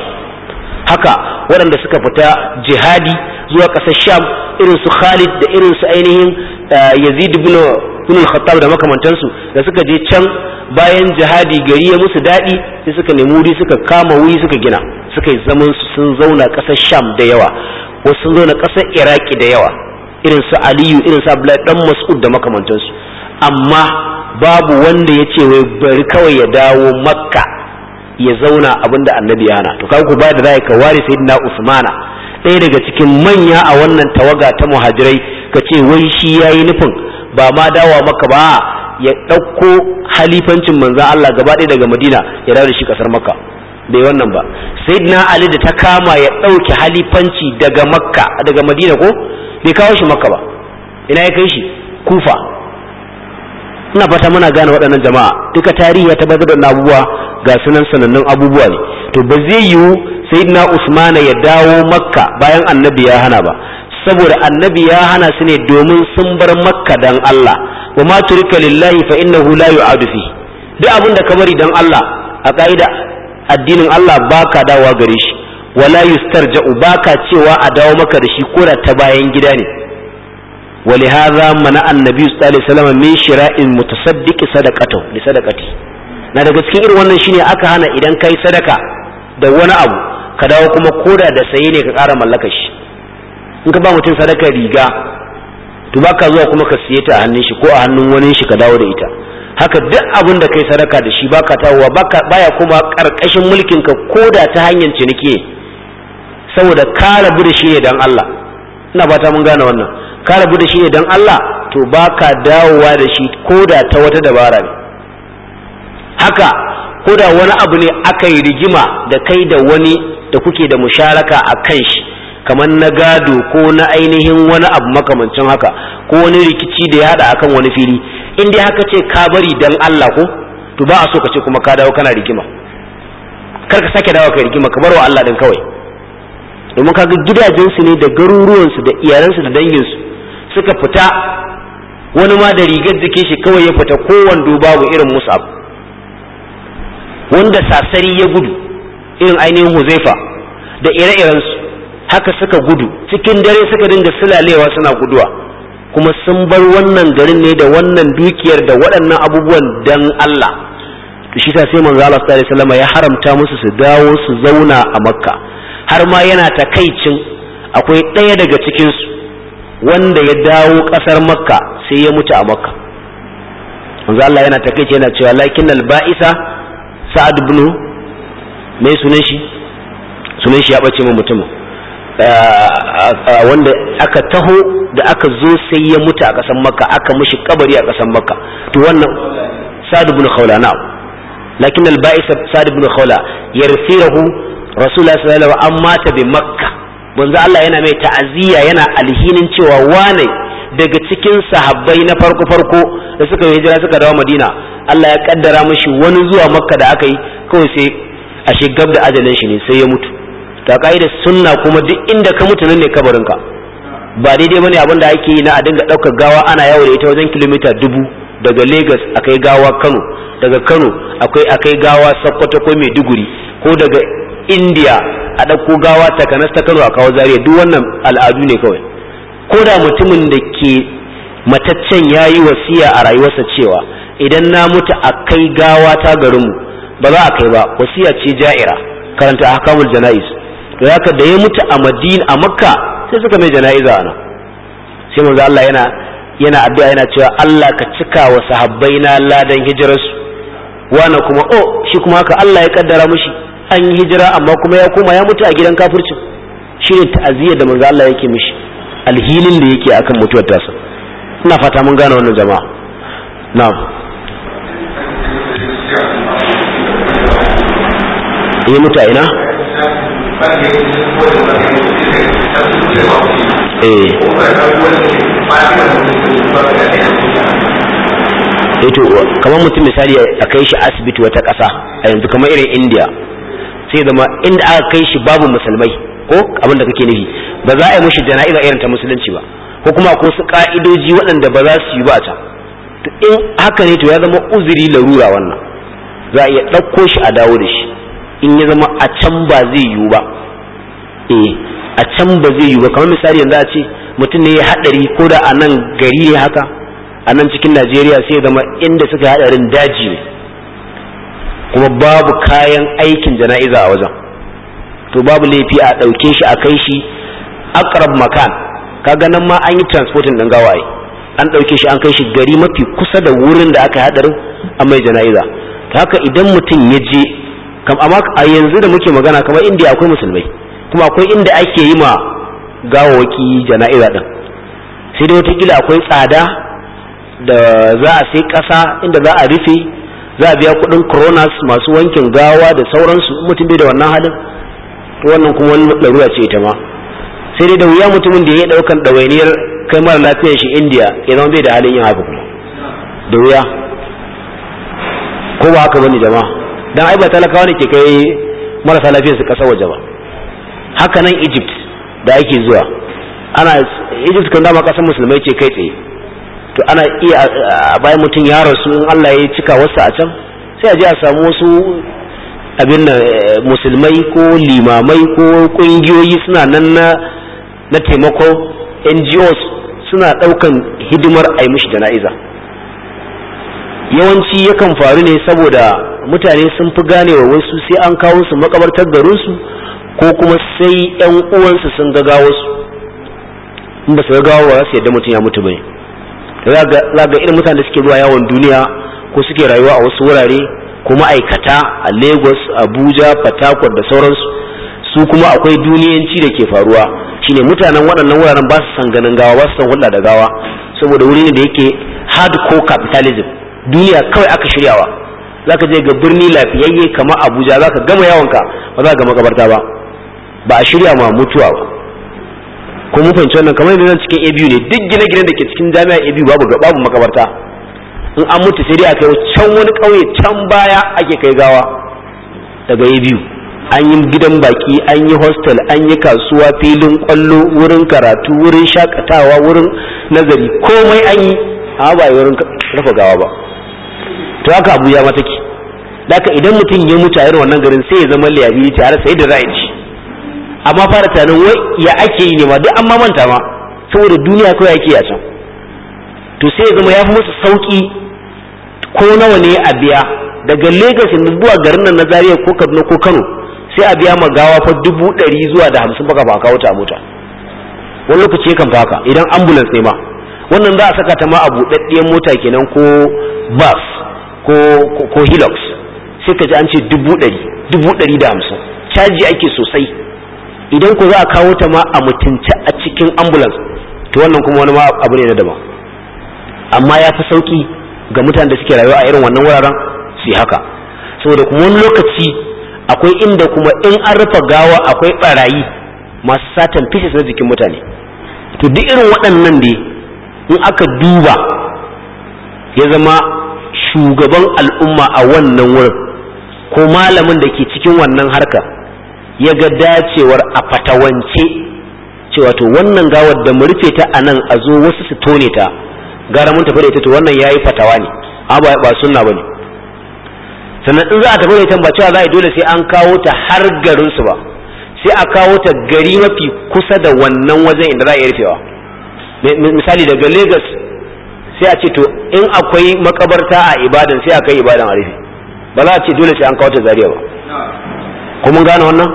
haka waɗanda suka fita jihadi zuwa kasar Sham irin su Khalid da irin su ainihin eh, Yazid ibn ibn khattab da makamantansu da suka je can bayan jihadi gari ya musu daɗi sai suka nemi wuri suka kama wuri suka gina suka yi zaman su sun zauna ƙasar Sham da yawa wasu sun zauna ƙasar Iraki da yawa irin su aliyu irin su abdullahi dan mas'ud da makamantansu amma babu wanda ya ce wai bari kawai ya dawo makka ya zauna abinda annabi ya hana to kaga ku ba da zai ka ware sayyidina usmana ɗaya daga cikin manya a wannan tawaga ta muhajirai ka ce wai shi yayi nufin ba ma dawa maka ba ya ɗauko halifancin manzon Allah gaba ɗaya daga Madina ya dawo da shi ƙasar Makka bai wannan ba sayyidina ali da ta kama ya ɗauki halifanci daga makka daga madina ko bai kawo shi makka ba ina ya kai shi kufa ina fata muna gane waɗannan jama'a duka tarihi ya tabbatar da abubuwa ga sunan sanannun abubuwa ne to ba zai yiwu sayyidina usmana ya dawo makka bayan annabi ya hana ba saboda annabi ya hana su ne domin sun bar makka dan Allah wa ma turika lillahi fa innahu la yu'adu fi duk abin da ka bari dan Allah a ka'ida addinin Allah baka dawowa gare shi wala yustarja'u baka cewa a dawo maka da shi ko da ta bayan gida ne ولهذا منع النبي صلى الله عليه وسلم من شراء المتصدق صدقته لصدقته na daga cikin irin wannan shine aka hana idan kai sadaka da wani abu ka dawo kuma koda da saye ne ka ƙara mallakar shi in ka ba mutum sadaka riga to baka zuwa kuma ka siye ta a hannun shi ko a hannun wani shi ka dawo da ita haka duk abin da kai sadaka da shi baka tawowa baya kuma karkashin mulkin ka koda ta hanyar ciniki saboda ka rabu da shi ne dan Allah ina fata mun gane wannan ka rabu shi ne dan Allah to baka dawowa da shi koda ta wata dabara ne haka koda wani abu ne aka yi rigima da kai da wani da kuke da musharaka a kan shi kamar na gado ko na ainihin wani abu makamancin haka ko wani rikici da ya hada akan wani fili in dai haka ce ka bari dan Allah ko to ba a so ka ce kuma ka dawo kana rigima kar ka sake dawo ka rigima ka bar wa Allah din kawai domin ka ga gidajensu ne da garuruwansu da iyalansu da dangin su suka fita wani ma da rigar jikin shi kawai ya fita kowanne babu irin musab wanda sasari ya gudu irin ainihin huzaifa da ire iren su haka suka gudu cikin dare suka dinga sulalewa suna guduwa kuma sun bar wannan garin ne da wannan dukiyar da waɗannan abubuwan dan Allah to shi sai manzo Allah sallallahu alaihi wasallam ya haramta musu su dawo su zauna a Makka har ma yana takaicin akwai ɗaya daga cikin su wanda ya dawo ƙasar Makka sai ya mutu a Makka manzo Allah yana takaici yana cewa lakin al-ba'isa Sa'ad ibn mai sunan shi sunan shi ya bace min mutumin wanda aka taho da aka zo sai ya mutu a ƙasar makka aka mishi kabari a ƙasar makka to wannan sa'ad ibn khawla na lakin al-ba'is sa'ad ibn khawla yarsiruhu rasulullahi sallallahu alaihi wasallam amma ta bi makka manzo Allah yana mai ta'aziyya yana alhinin cewa wane daga cikin sahabbai na farko farko da suka yi hijira suka dawo Madina Allah ya kaddara mishi wani zuwa makka da aka yi kawai sai ashe gab da ajalin shi ne sai ya mutu ta ka'idar sunna kuma duk inda ka mutu nan ne ka ba daidai bane abin da ake yi na a dinga ɗaukar gawa ana yawo da ita wajen kilomita dubu daga Lagos akai gawa Kano daga Kano akwai akai gawa Sokoto ko Maiduguri ko daga India a ɗauko gawa takanas ta Kano a kawo Zaria duk wannan al'adu ne kawai ko da mutumin da ke mataccen ya yi wasiya a rayuwarsa cewa idan na mutu a kai gawa ta garinmu ba za a kai ba wasiya ce ja'ira karanta ahkamul jana'iz da haka da ya mutu a madina a makka sai suka mai jana'iza ana sai manzo Allah yana yana addu'a yana cewa Allah ka cika wa sahabbaina ladan hijirarsu wana kuma oh shi kuma haka Allah ya kaddara mushi an yi hijira amma kuma ya koma ya mutu a gidan kafircin shine ta'aziyya da manzo Allah yake mishi alhilin da yake akan mutuwar tasa ina fata mun gane wannan jama'a na'am yi mutu a ina Eh. eto kamar mutum misali a kai shi asibiti wata ƙasa a yanzu kamar irin indiya sai zama inda aka kai shi babu musulmai ko abin kake nufi ba za a yi mushi jana'iza irin ta musulunci ba ko kuma ko su ka'idoji waɗanda ba za su yi ba ta in haka ne to ya zama uzuri larura wannan za a iya ɗauko shi a dawo da shi in ya zama a can ba zai yiwu ba eh, a can ba zai yiwu ba kamar misali yanzu a ce mutum ne ya hadari ko da a nan gari ne haka a nan cikin najeriya sai ya zama inda suka hadarin daji ne kuma babu kayan aikin jana'iza a wajen to babu laifi a ɗauke shi a kai shi akrab makan ka ganin ma an yi transportin ɗin gawaye an ɗauke shi an kai shi gari mafi kusa da wurin da aka hadarin a mai jana'iza haka idan mutum ya je kam amma a yanzu da muke magana kamar indiya akwai musulmai kuma akwai inda ake yi ma gawawaki jana'iza din sai dai watakila akwai tsada da za a sai kasa inda za a rufe za a biya kuɗin coronas masu wankin gawa da sauransu mutum bai da wannan halin wannan kuma wani larura ce ita ma sai dai da wuya mutumin da ya yi ɗaukan ɗawainiyar kai mara lafiyar shi indiya ya zama bai da halin yin haka kuma da wuya ko ba haka bane jama'a dan ai ba talakawa ne ke kai marasa lafiya su kasa waje ba haka nan Egypt da ake zuwa ana Egypt kan dama kasar musulmai ce kai tsaye to ana iya a bayan mutum ya rasu in Allah ya cika wasu a can sai a je a samu wasu abin nan eh, musulmai ko limamai ko kungiyoyi suna nan na na taimako NGOs suna daukan hidimar aimushi yi jana'iza yawanci yakan faru ne saboda mutane sun fi ganewa wasu sai an kawo su makabartar garinsu ko kuma sai yan uwansu sun ga gawarsu in ba su ga gawa ba su yadda mutum ya mutu bane za ga irin mutane da suke zuwa yawon duniya ko suke rayuwa a wasu wurare ko ma'aikata a Lagos Abuja Port da sauransu su kuma akwai duniyanci da ke faruwa shine mutanen waɗannan wuraren ba su san ganin gawa ba su san hulɗa da gawa saboda wuri ne da yake hard core capitalism duniya kawai aka shiryawa ka je ga birni lafiyayye kama abuja za ka gama yawonka ba za ka gama kabarta ba ba a shirya ma mutuwa ba ko mun fahimci wannan kamar yadda cikin abu ne duk gine gine da ke cikin jami'a abu babu babu makabarta in an mutu sai dai a kai can wani ƙauye can baya ake kai gawa daga abu an yi gidan baki an yi hostel an yi kasuwa filin kwallo wurin karatu wurin shakatawa wurin nazari komai an yi amma ba wurin rafa gawa ba to haka abuja ma take daka idan mutum ya mutu a irin wannan garin sai ya zama liyabi tare sai da ra'ayi amma fara tunanin wai ya ake yi ne ma duk an manta ma saboda duniya kawai yake ya a can to sai ya zama ya fi musu sauki ko nawa ne a biya daga Lagos in zuwa garin nan na Zariya ko Kaduna ko Kano sai a biya ma gawa fa dubu ɗari zuwa da hamsin baka ba kawo ta mota wani lokaci yakan fa idan ambulance ne ma wannan za a saka ta ma a buɗaɗɗiyar mota kenan ko bus ko hilux sai ka ji an ce dubu ɗari dubu ɗari da hamsin caji ake sosai idan ku za a kawo ta ma a mutunta a cikin ambulance to wannan kuma wani ma abu ne na daban amma ya fi sauki ga mutanen da suke rayuwa a irin wannan wuraren su haka saboda kuma wani lokaci akwai inda kuma in an rufe gawa akwai barayi masu satan fishes na jikin mutane to duk irin waɗannan ne in aka duba ya zama shugaban al'umma a wannan wurin ko malamin da ke cikin wannan harka ya ga dacewar a fatawance cewa to wannan gawar da mu rufe ta a nan a zo wasu su tone ta gara mun tafi da ita to wannan ya yi fatawa ne amma ba sunna ne. sannan in za a tafi da ita ba cewa za a yi dole sai an kawo ta har garin su ba sai a kawo ta gari mafi kusa da wannan wajen inda za a yi rufewa misali daga Lagos sai a ce to in akwai makabarta a ibadan sai a kai ibadan a ba za a ce dole sai an kawo zariya ba ko gane wannan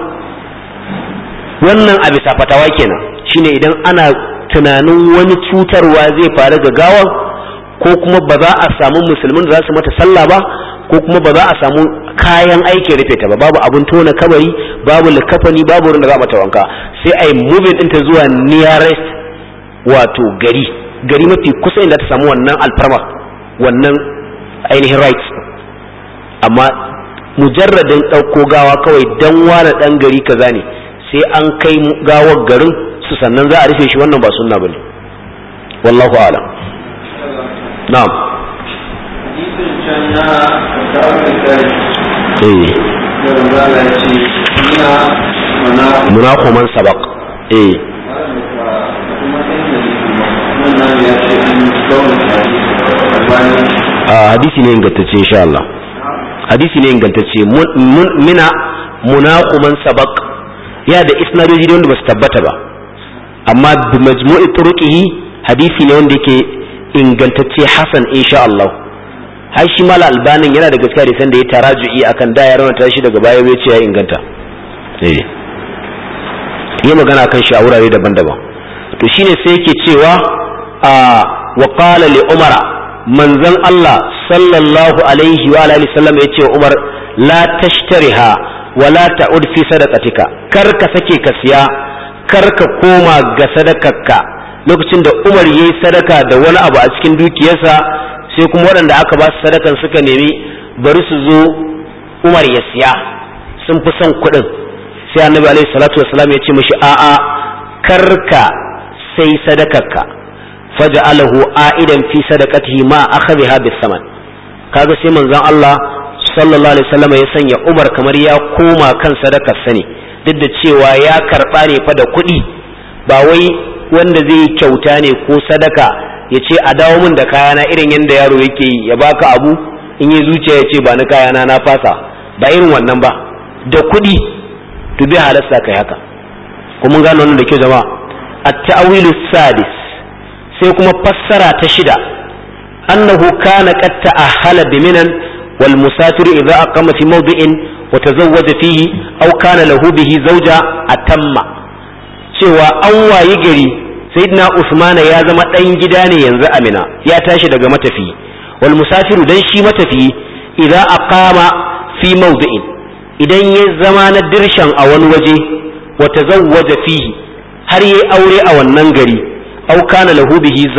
wannan a bisa fatawa kenan shine idan ana tunanin wani cutarwa zai faru ga gawan ko kuma ba za a samu musulmin da za su mata sallah ba ko kuma ba za a samu kayan aikin rufe ta ba babu abin tona kabari babu likafani babu wurin da za a mata wanka sai a yi moving ɗinta zuwa nearest wato gari gari mafi kusa inda ta samu wannan alfarma wannan ainihin rights amma mujarradin ɗauko gawa kawai don wane ɗan gari kaza ne sai an kai gawar garin su sannan za a rufe shi wannan ba sunna bane wallahu a'lam na'am munafuman sabak eh hadisi ne ingantacce insha Allah hadisi ne ingantacce mina munaquman sabaq ya da isnadoji da wanda ba su tabbata ba amma bi majmu'i turuqihi hadisi ne wanda yake ingantacce hasan insha Allah har shi mala albanin yana da gaskiya da sanda ya taraju'i akan da ya rana shi daga baya ya ce ya inganta eh yi magana kan shi a wurare daban-daban to shine sai yake cewa wa qala li umara manzon Allah sallallahu alaihi wa alihi sallam yace umar la tashtariha wa la ta'ud fi sadaqatika kar ka sake ka siya kar ka koma ga sadakarka lokacin da umar yayi sadaka da wani abu a cikin dukiyarsa sai kuma waɗanda aka ba su sadakan suka nemi bari su zo umar ya siya sun fi son kuɗin sai annabi alaihi salatu wasalam ya ce mishi a'a karka sai sadakarka a a'idan fi sadaqatihi ma akhadha bis saman kaga sai manzon Allah sallallahu alaihi wasallam ya sanya Umar kamar ya koma kan sadakar sani duk da cewa ya karba ne fa da kuɗi ba wai wanda zai kyauta ne ko sadaka ya ce a dawo min da kayana irin yadda yaro yake ya baka abu in yi zuciya ya ce ba ni kayana na fasa ba irin wannan ba da kuɗi to bi halasta kai haka kuma gano wannan da kyau jama'a at tawilus sadis sai kuma fassara ta shida annahu kana qad ta'ahala bi minan wal musafir idza aqama fi mawdi'in wa tazawwaja fihi aw kana lahu bihi zawja atamma cewa an wayi gari sayyidina usman ya zama dan gida ne yanzu amina ya tashi daga matafi wal musafiru dan shi matafi idza aqama fi mawdi'in idan ya zama na dirshan a wani waje wa tazawwaja fihi har yayi aure a wannan gari Auka kana lahu bihi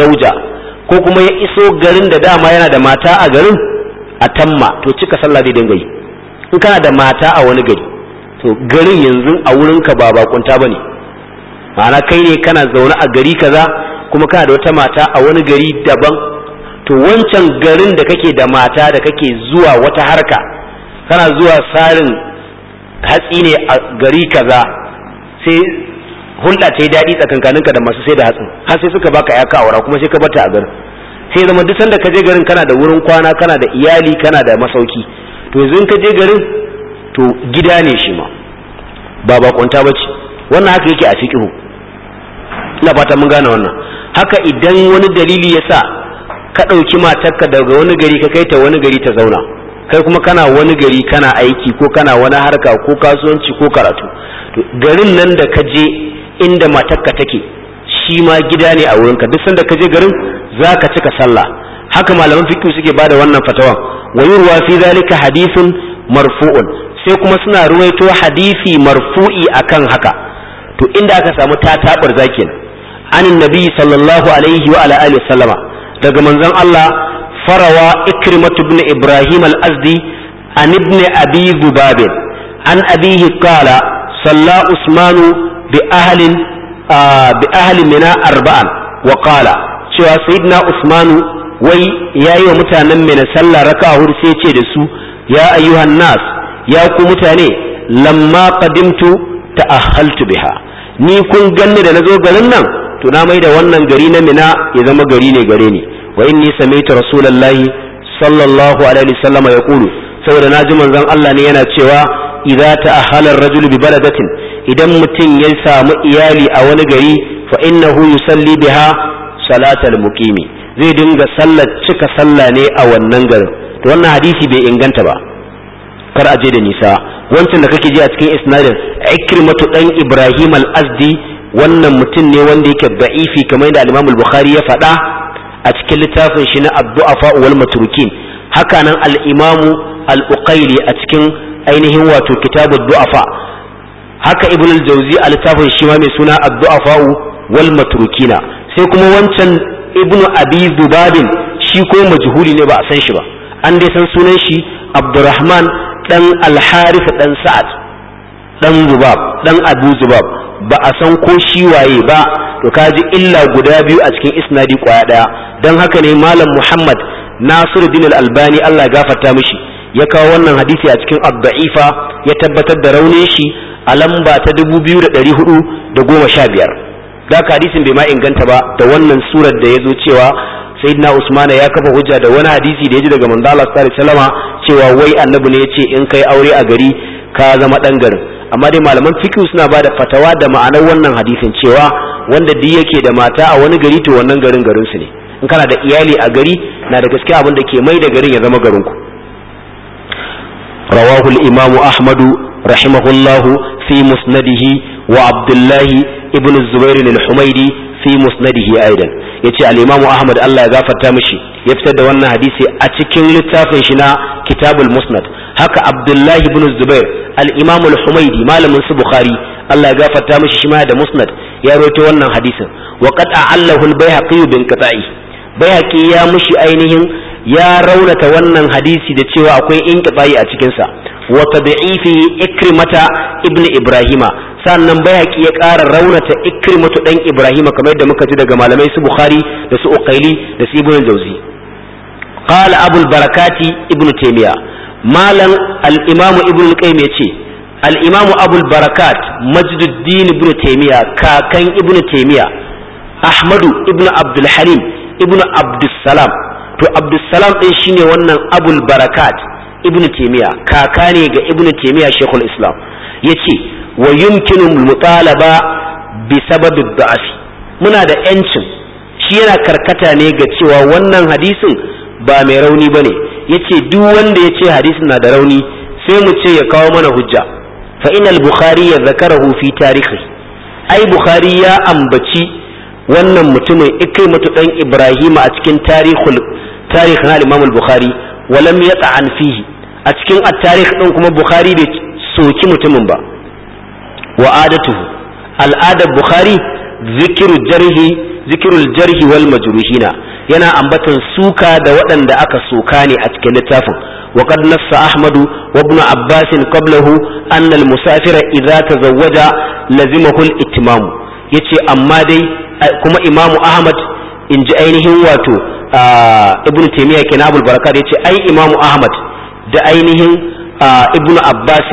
ko kuma ya iso garin da dama yana da mata a garin a tamma to cika sallah dai dinga yi in kana da mata a wani gari to garin yanzu a wurinka ba bakunta bane ma'ana kai ne kana zaune a gari kaza kuma kana da wata mata a wani gari daban to wancan garin da kake da mata da kake zuwa wata harka kana zuwa sarin hatsi ne a gari kaza sai hulɗa ta daɗi tsakankaninka da masu sai da hatsin har sai suka baka ya aura kuma sai ka bata a garin sai zama duk sanda ka je garin kana da wurin kwana kana da iyali kana da masauki to yanzu in ka je garin to gida ne shi ma ba bakonta ba ce wannan haka yake a fiƙihu ina fata mun gane wannan haka idan wani dalili ya sa ka ɗauki matarka daga wani gari ka kai ta wani gari ta zauna kai kuma kana wani gari kana aiki ko kana wani harka ko kasuwanci ko karatu garin nan da ka je inda matarka take shi ma gida ne a wurinka duk sanda ka je garin za ka cika sallah haka malaman fiqh suke bada wannan fatawan wa yurwa fi zalika hadithun marfu'un sai kuma suna ruwaito hadisi marfu'i akan haka to inda aka samu ta tabar zakin anin nabi sallallahu alaihi wa ala alihi sallama daga manzon Allah farawa ikrimatu ibn ibrahim al-azdi an ibn abi zubab an abihi qala salla usmanu bi ahalin mina arba'an wa cewa sayyidina usmanu wai yayi wa mutanen minna sallah raka'a hudu sai ce da su ya ayyuhan nas ya ku mutane lamma qadimtu ta'ahhaltu biha ni kun ganni da nazo garin nan to na mai da wannan gari na minna ya zama gari ne gare ni wa inni sami'tu rasulullahi sallallahu alaihi wasallam yaqulu saboda naji manzon Allah ne yana cewa idza ta'ahhala ar-rajulu bi baladatin idan mutum ya samu iyali a wani gari fa innahu yusalli biha salatal muqimi zai dinga sallar cika sallah ne a wannan garin to wannan hadisi bai inganta ba kar a je da nisa wancan da kake ji a cikin isnadin ikrimatu dan ibrahim al-azdi wannan mutum ne wanda yake da'ifi kamar da al-imam al-bukhari ya faɗa a cikin littafin shi na abdu'afa wal matrukin haka nan al-imam al-uqayli a cikin ainihin wato kitabu du'afa haka ibn al-jawzi a littafin shi ma mai suna ad-du'afa'u wal matrukina sai kuma wancan ibn abi zubadin shi ko majhuli ne ba a san shi ba an dai san sunan shi abdurrahman dan al-harith dan sa'ad dan zubab dan abu zubab ba a san ko shi waye ba to kaji illa guda biyu a cikin isnadi kwaya daya dan haka ne malam muhammad nasiruddin al-albani Allah ya gafarta mishi ya kawo wannan hadisi a cikin ad ya tabbatar da raunin shi a lamba ta dubu biyu da ɗari hudu da goma sha biyar da hadisin bai ma inganta ba da wannan surar da ya zo cewa sayyidina usmana ya kafa hujja da wani hadisi da ya ji daga manzo Allah sallallahu alaihi cewa wai annabi ne ya ce in kai aure a gari ka zama dan garin amma dai malaman fiqh suna ba da fatawa da ma'anar wannan hadisin cewa wanda duk yake da mata a wani gari to wannan garin garin su ne in kana da iyali a gari na da gaske abin da ke mai da garin ya zama garin ku rawahu al-imamu ahmadu rahimahullahu fi musnadihi wa abdullahi ibn zubair al-humaidi fi musnadihi aidan yace al-imamu ahmad Allah ya gafarta mishi ya fitar da wannan hadisi a cikin littafin shi na kitabul musnad haka abdullahi ibn zubair al-imamu al-humaidi malamin su bukhari Allah ya gafarta mishi shi ma da musnad ya rawaito wannan hadisin wa qad a'allahu al-baihaqi bin qata'i baihaqi ya mishi ainihin ya raunata wannan hadisi da cewa akwai inqita'i a cikinsa. wa tad'ifihi ikrimata ibnu ibrahima sannan bayhaqi ya ƙara raunata ikrimatu dan ibrahima kamar yadda muka ji daga malamai su bukhari da su uqaili da su ibnu jawzi qala abul barakati taymiya malam al-imam ibnu qayyim yace al-imam abul barakat majduddin taymiya kakan ibnu taymiya ahmadu ibnu abdul halim ibnu abdus salam to abdus salam din shine wannan abul barakat ibnu taymiya kaka ne ga ibnu taymiya shaykhul islam yace wa yumkinu mutalaba bi sababi da'af muna da yancin shi yana karkata ne ga cewa wannan hadisin ba mai rauni bane yace duk wanda yace hadisin na da rauni sai mu ce ya kawo mana hujja fa inal bukhari ya zakarahu fi tarihi ai bukhari ya ambaci wannan mutumin ikrimatu ɗan ibrahima a cikin tarihul tarihin al-imam al-bukhari wa lam yata'an a cikin at ɗin kuma bukhari bai soki mutumin ba Wa'adatu al'adar bukhari zikiru jarhi wal majruhina yana ambatan suka da waɗanda aka soka ne a cikin littafin wa qad ahmadu wa ibn abbas qablahu anna al musafira idza tazawwaja lazimahu al itmam yace amma dai kuma imamu ahmad inji ainihin wato ibn taymiya kenan abul barakat yace ai imamu ahmad da ainihin ibnu abbas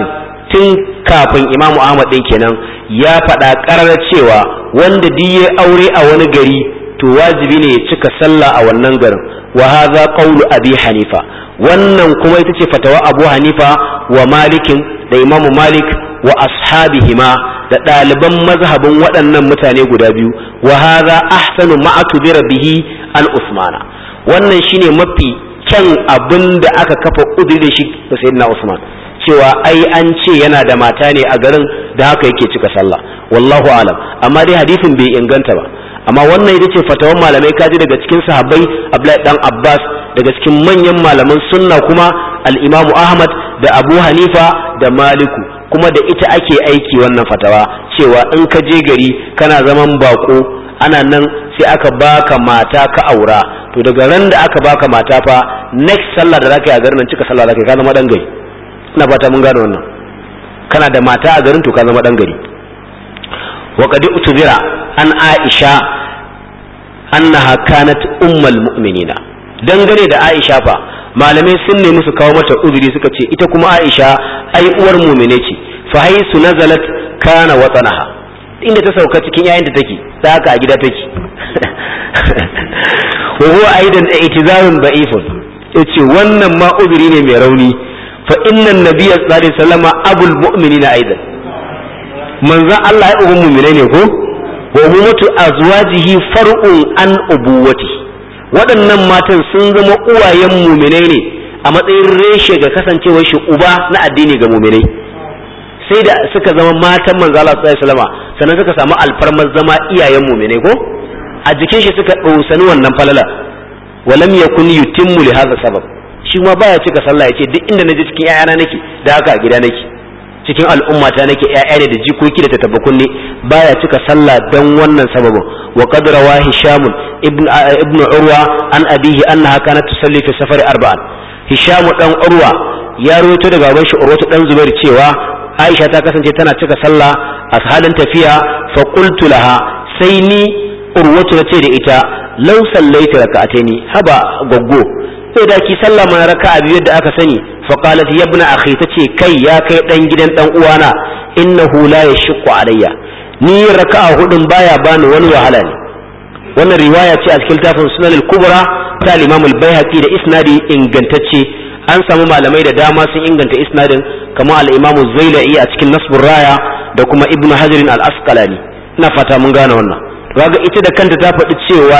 tun kafin imam ahmad ɗin kenan ya faɗa ƙarar cewa wanda duk aure a wani gari to wajibi ne ya cika sallah a wannan garin wa hadha qawlu abi hanifa wannan kuma ita ce fatawa abu hanifa wa malikin da imamu malik wa ashabihima da ɗaliban mazhabin waɗannan mutane guda biyu wa hadha ahsanu ma bihi an usmana wannan shine mafi kyan abin da aka kafa udiri da shi sai na Usman cewa ai an ce yana da mata ne a garin da haka yake cika sallah wallahu alam amma dai hadisin bai inganta ba amma wannan ita ce fatawan malamai kaji daga cikin sahabbai Abdullahi dan Abbas daga cikin manyan malaman sunna kuma al-Imam Ahmad da Abu Hanifa da Maliku kuma da ita ake aiki wannan fatawa cewa in ka je gari kana zaman bako ana nan sai aka baka mata ka aura to daga ran da aka baka mata fa next sallah da zaka yi a garin nan cika sallah zaka yi ka zama dan gari ina fata mun gane wannan kana da mata a garin to ka zama dan gari wa qad utubira an aisha annaha kanat ummul mu'minina dangane da aisha fa malamai sun nemi su kawo mata uzuri suka ce ita kuma aisha ai uwar mu'mine ce fa haisu nazalat kana watanaha inda ta sauka cikin yayin da take ta haka a gida take wa huwa aidan i'tizarun da'ifun yace wannan ma ne mai rauni fa inna nabiyya sallallahu alaihi wasallama abul mu'minina aidan manzo Allah ya uban mu'minai ne ko wa ummatu azwajihi far'un an ubuwati waɗannan matan sun zama uwayen mu'minai ne a matsayin reshe ga kasancewar shi uba na addini ga mu'minai sai da suka zama matan manzo Allah sallallahu alaihi wasallama sannan suka samu alfarmar zama iyayen mu'mine ko a jikin shi suka Sani wannan falala walam yakun yutimmu li hadha sabab shi ma baya cika sallah yace duk inda naje cikin ƴaƴana nake da haka a gida nake cikin al'ummata nake ƴaƴa da jikoki da tabbakun ne baya cika sallah dan wannan sababin wa qad rawa hisham ibn ibn urwa an abihi annaha kanat tusalli fi safar arba'an hisham dan urwa ya rawaito daga gaban shi dan zubair cewa aisha ta kasance tana cika sallah a halin tafiya fa qultu laha sai ni urwatu ce da ita law sallaita raka'ataini haba goggo sai da ki sallah mana raka'a biyu da aka sani fa qalat ya ibn akhi tace kai ya kai dan gidan dan uwana innahu la yashqu alayya ni raka'a hudun baya bani wani wahala ne wannan riwaya ce a cikin tafin sunan al-kubra ta al-imam al-baihaqi da isnadi ingantacce an samu malamai da dama sun inganta isnadin kamar al'imamu zailai a cikin nasbur raya da kuma ibnu hajarin al ina fata mun gane wannan kaga ita da kanta ta faɗi cewa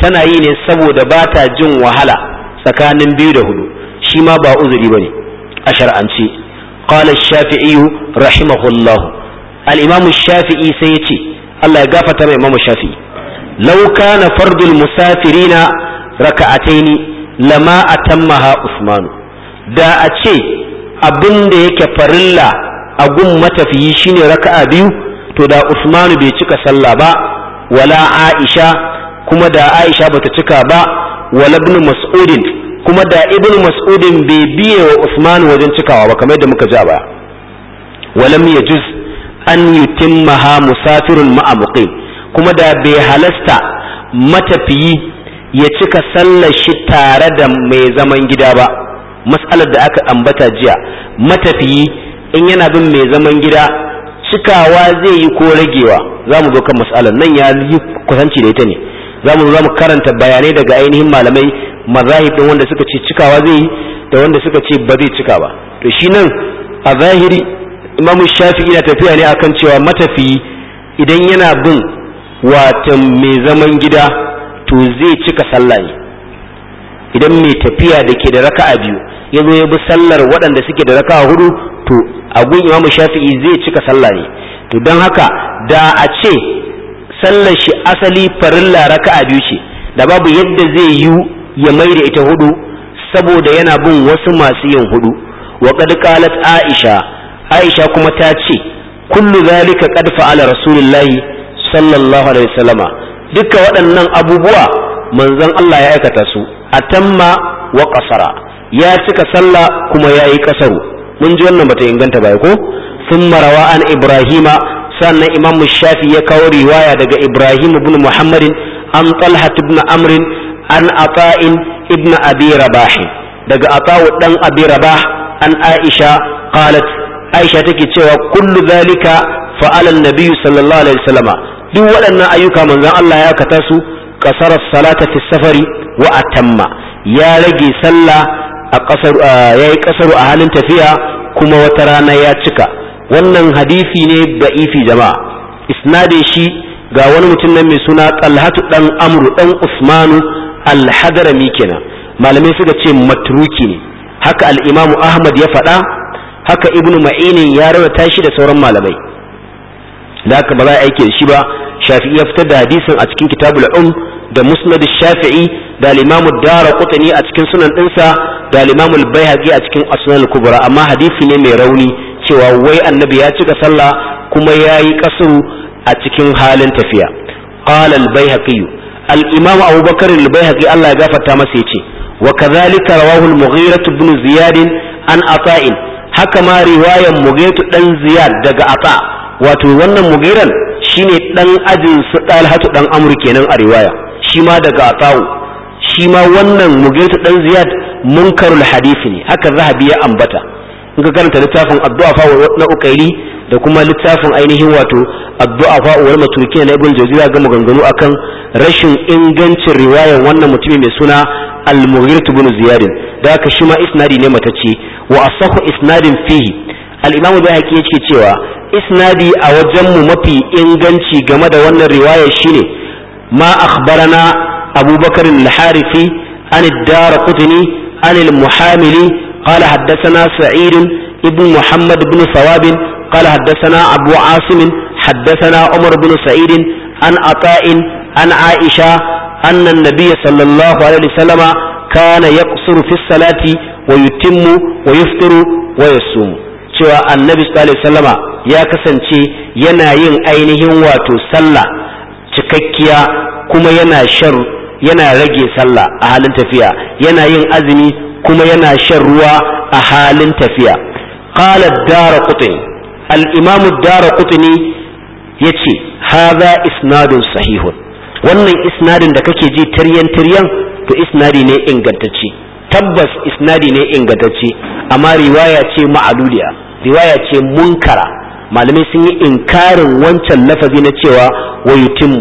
tana yi ne saboda ba ta jin wahala tsakanin biyu da hudu shi ma ba uzuri ne a shar'ance qala ash-shafi'i rahimahullah al-imamu shafi'i sai ya ce Allah ya gafarta mai imamu shafi'i law kana fardul musafirina raka'ataini lama atammaha usmanu da a ce abin da yake farilla a gun matafiyi shine raka'a biyu to da Usmanu bai cika sallah ba wala Aisha kuma da Aisha bata cika ba wala ibn Mas'udin kuma da ibn Mas'udin bai biye wa Usman wajen cikawa ba kamar yadda muka ja ba walam yajuz an yutimmaha musafirun ma'a kuma da bai halasta matafiyi ya cika sallar shi tare da mai zaman gida ba mas'alar da aka ambata jiya matafiyi in yana bin mai zaman gida cikawa zai yi ko ragewa za mu zo kan mas'alar nan ya yi kusanci da ita ne za mu zo karanta bayanai daga ainihin malamai mazahib din wanda suka ce cikawa zai yi da wanda suka ce ba zai cika ba to shi nan a zahiri imam shafi'i na tafiya ne akan cewa matafiyi idan yana bin watan mai zaman gida to zai cika sallah ne idan mai tafiya da ke da raka'a biyu ya zo ya bi sallar waɗanda suke da raka hudu to a gun imamu shafi'i zai cika sallah ne to don haka da a ce sallar shi asali farilla a biyu ce da babu yadda zai yi ya mai da ita hudu saboda yana bin wasu masu yin hudu wa kad qalat aisha aisha kuma ta ce kullu zalika qad fa'ala rasulullahi sallallahu alaihi wasallama duka waɗannan abubuwa manzon Allah ya aikata su atamma wa qasara ya cika sallah kuma ya yi kasaru mun ji wannan bata inganta ba ko sun marawa an ibrahima sannan imam shafi ya kawo riwaya daga ibrahim ibn muhammadin an talhat ibn amrin an ata'in ibn abi rabah daga ata'u dan abi rabah an aisha qalat aisha take cewa kullu zalika fa'ala an-nabiy sallallahu alaihi wasallama duk waɗannan ayyuka manzon Allah ya aikata su kasara salata fi safari wa atamma ya rage sallah a kasar yayi kasaru a halin tafiya kuma wata rana ya cika wannan hadisi ne da'ifi jama'a isnadin shi ga wani mutum nan mai suna Talhatu dan Amru dan Usmanu al-Hadrami kenan malamai suka ce matruki ne haka al-Imam Ahmad ya faɗa haka ibnu Ma'inin ya rawata shi da sauran malamai da haka ba za a aike shi ba shafi ya fitar da hadisin a cikin Kitabul Umm da musnad shafi'i da limamu dara kutani a cikin sunan ɗinsa da limamu bayhaqi a cikin asnal kubra amma hadisi ne mai rauni cewa wai annabi ya cika sallah kuma ya yi kasuru a cikin halin tafiya qala al-bayhaqi al-imam abubakar al-bayhaqi Allah ya gafarta masa yace wa kadhalika rawahu al-mughirah ibn ziyad an ata'in haka ma riwayan mughirah dan ziyad daga ata wato wannan mughiran shine dan ajin su dalhatu dan amur kenan a riwaya shi ma daga ata'u shi ma wannan mugaitu dan ziyad munkarul hadisi ne haka zahabi ya ambata in ka karanta littafin addu'a fa na ukairi da kuma littafin ainihin wato addu'a fa wal maturki na ibn jawzi ga maganganu akan rashin ingancin riwayar wannan mutumin mai suna al-mughir ibn ziyad da aka shi ma isnadi ne matacce wa asahu isnadin fihi al-imam bayhaqi yake cewa isnadi a wajen mu mafi inganci game da wannan riwayar shine ما أخبرنا أبو بكر الحارثي عن الدار قطني عن المحامل قال حدثنا سعيد ابن محمد بن ثواب قال حدثنا أبو عاصم حدثنا عمر بن سعيد عن عطاء عن عائشة أن النبي صلى الله عليه وسلم كان يقصر في الصلاة ويتم ويفطر ويصوم cewa annabi sallallahu alaihi wasallama ya kasance yana yin ainihin wato sallah cikakkiya kuma yana shan yana rage sallah a halin tafiya yana yin azumi kuma yana shan ruwa a halin tafiya qala ad-dara qutni al-imam ad-dara qutni yace hadha isnadun sahihun wannan isnadin da kake ji tiryan tiryan to isnadi ne ingantacce tabbas isnadi ne ingantacce amma riwaya ce ma'aluliya riwaya ce munkara malamai sun yi inkarin wancan lafazi na cewa wa yutimmu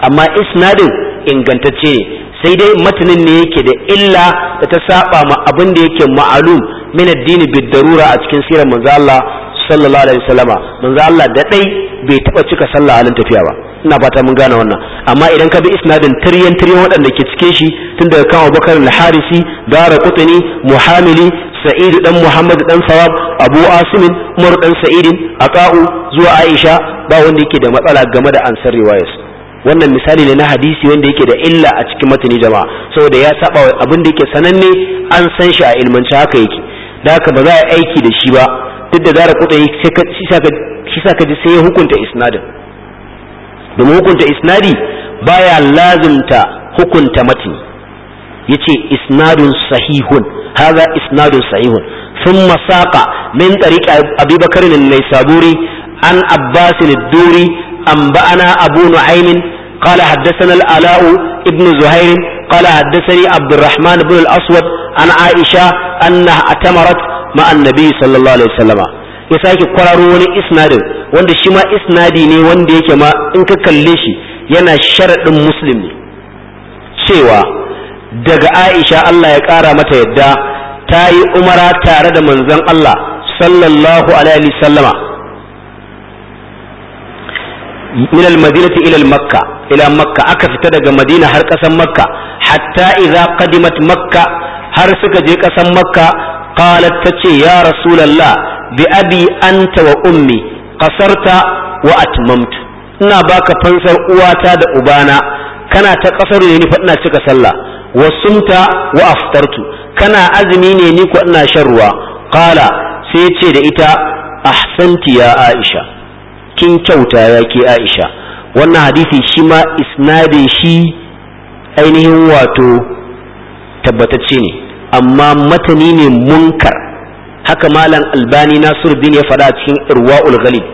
amma isnadin ingantacce ne sai dai matanin ne yake da illa da ta saba ma abin da yake ma'alum min addini bi darura a cikin sirar manzo Allah sallallahu alaihi wasallama manzo Allah da dai bai taba cika sallah halin tafiya ba ina fata mun gane wannan amma idan ka bi isnadin tiryan tiryan waɗanda ke cike shi tun daga kawo Bakar al-Harisi Dara Qutni Muhamili sa'idu dan muhammadu dan sawab abu عاصم umar dan sa'idin aqa'u zuwa aisha ba wanda yake da matsala game da ansar riwayas wannan misali ne na hadisi wanda yake da illa a cikin matani jama'a saboda ya saba abin da yake sananne an san shi a ilmance haka yake da haka ba za a aiki da shi ba duk da zara kuɗa shi sa ka ji sai ya hukunta isnadin domin hukunta isnadi baya lazimta hukunta matani yace isnadun sahihun haza isnadun sahihun thumma saqa min tariqi abubakar Bakr an-Naisaburi an Abbas ad-Duri anba'ana Abu Nu'aym قال حدثنا الآلاء ابن زهير قال حدثني عبد الرحمن بن الأسود عن عائشة أنها أتمرت مع النبي صلى الله عليه وسلم ya sake kwararo wani isnadin wanda shi ma isnadi ne wanda yake ma in ka kalle shi yana sharaɗin musulmi cewa daga Aisha Allah ya ƙara mata yadda ta yi umara tare da manzon Allah sallallahu alaihi sallama min al-madinati ila makka ila aka fita daga madina har ƙasan makka hatta idza qadimat makka har suka je ƙasan makka qalat tace ya rasulullah bi abi anta wa ummi qasarta wa atmamtu ina baka fansar uwata da ubana kana ta ƙasar ne ni ina cika sallah wa sumta wa aftartu kana azumi ne ni ko ina shan ruwa qala sai ya ce da ita ahsanti ya aisha kin kyauta ya ke aisha wannan hadisi shi ma isnadin shi ainihin wato tabbatacce ne amma matani ne munkar haka malam albani nasiruddin ya faɗa cikin irwa'ul ghalib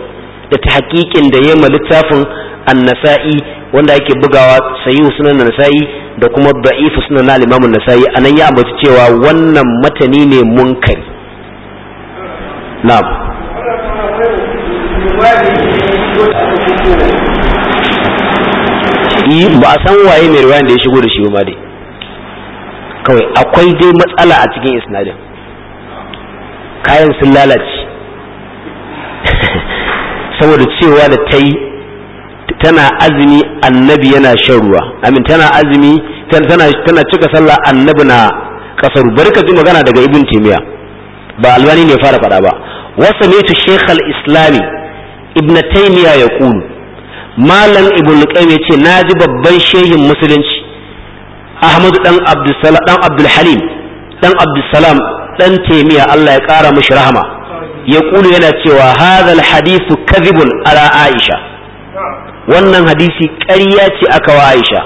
da ta hakikin da ma littafin annasai wanda yake bugawa sahihu sunan nasa'i da kuma da'ifu sunan al-imam an-nasa'i anan ya ambaci cewa wannan matani ne munkari na'am ba a san waye mai riwayan da ya shigo da shi ba dai kawai akwai dai matsala a cikin isnadin kayan sun lalace saboda cewa da ta yi tana azumi annabi yana shan ruwa amin tana azumi tana tana cika sallah annabi na kasar bari ka ji magana daga ibn timiya ba albani ne fara faɗa ba wasa ne tu sheikh al-islami ibn taymiya ya kulu malam ibn qayyim ya ce naji babban shehin musulunci ahmadu dan abdussalam dan abdul halim dan abdussalam dan taymiya Allah ya kara mishi rahama ya kulu yana cewa hadha al-hadithu kadhibun ala aisha wannan hadisi ƙarya ce aka wa Aisha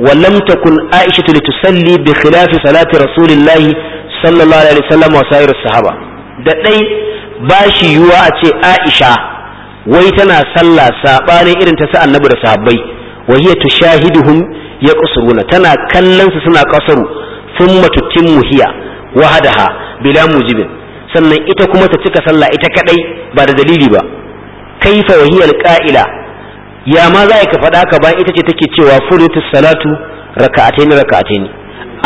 ولم تكن عائشة لتسلي بخلاف صلاة رسول الله صلى الله عليه وسلم وسائر الصحابة da ɗai bashi shi yiwuwa a ce aisha wai tana sallah saɓanin irin ta sa annabi da sahabbai wa hiya tushahiduhum kusuruna tana kallon su suna kasaru thumma tutimmu hiya wahadaha bila mujibin sannan ita kuma ta cika sallah ita kadai ba da dalili ba ya ma za ka faɗa ka bayan ita ce take cewa furutu salatu rakaatai ne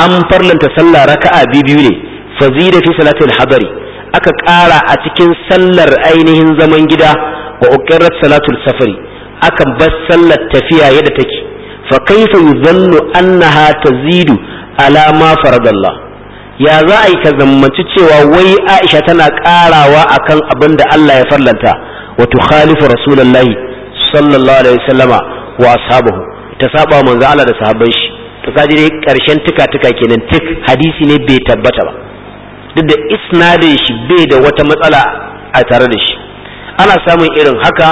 an farlanta sallah raka'a biyu ne fazida fi salatul hadari aka ƙara a cikin sallar ainihin zaman gida wa uqirrat salatul safari aka bar sallar tafiya yadda take fa kaifa yuzannu annaha tazidu ala ma faradallah ya za a yi ka zammanci cewa wai Aisha tana ƙarawa akan abin da Allah ya farlanta wa tukhalifu rasulullahi sallallahu alaihi wasallama wa ashabahu ta saba manzo Allah da sahabban shi to kaji dai karshen tuka tuka kenan tik hadisi ne bai tabbata ba duk da isnadin shi bai da wata matsala a tare da shi ana samun irin haka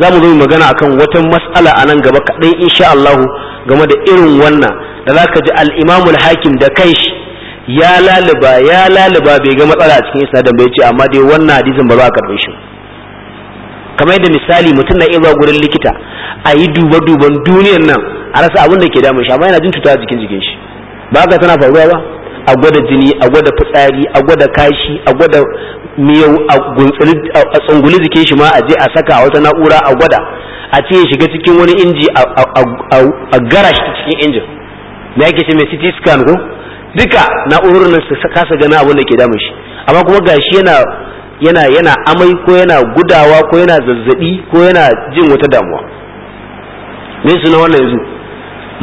za mu zo mu magana akan wata matsala a nan gaba kaɗan insha Allahu game da irin wannan da za ka ji al-imamul hakim da kanshi ya laliba ya laliba bai ga matsala a cikin isnadin bai ce amma dai wannan hadisin ba za a karbe shi kamar yadda misali mutum na iya gurin likita a yi duba-duban duniyan nan a rasa abin da ke damun shi amma yana jin cuta a jikin jikin shi ba ka tana faruwa ba a gwada jini a gwada fitsari a gwada kashi a gwada miyau a tsunguli jikin shi ma a je a saka a wata na'ura a gwada a ce ya shiga cikin wani inji a gara shi cikin injin me yake ce mai city scan ko duka na'urorin nan su kasa gana abin da ke damun shi amma kuma gashi yana yana yana amai ko yana gudawa ko yana zazzabi ko yana jin wata damuwa me suna wannan yanzu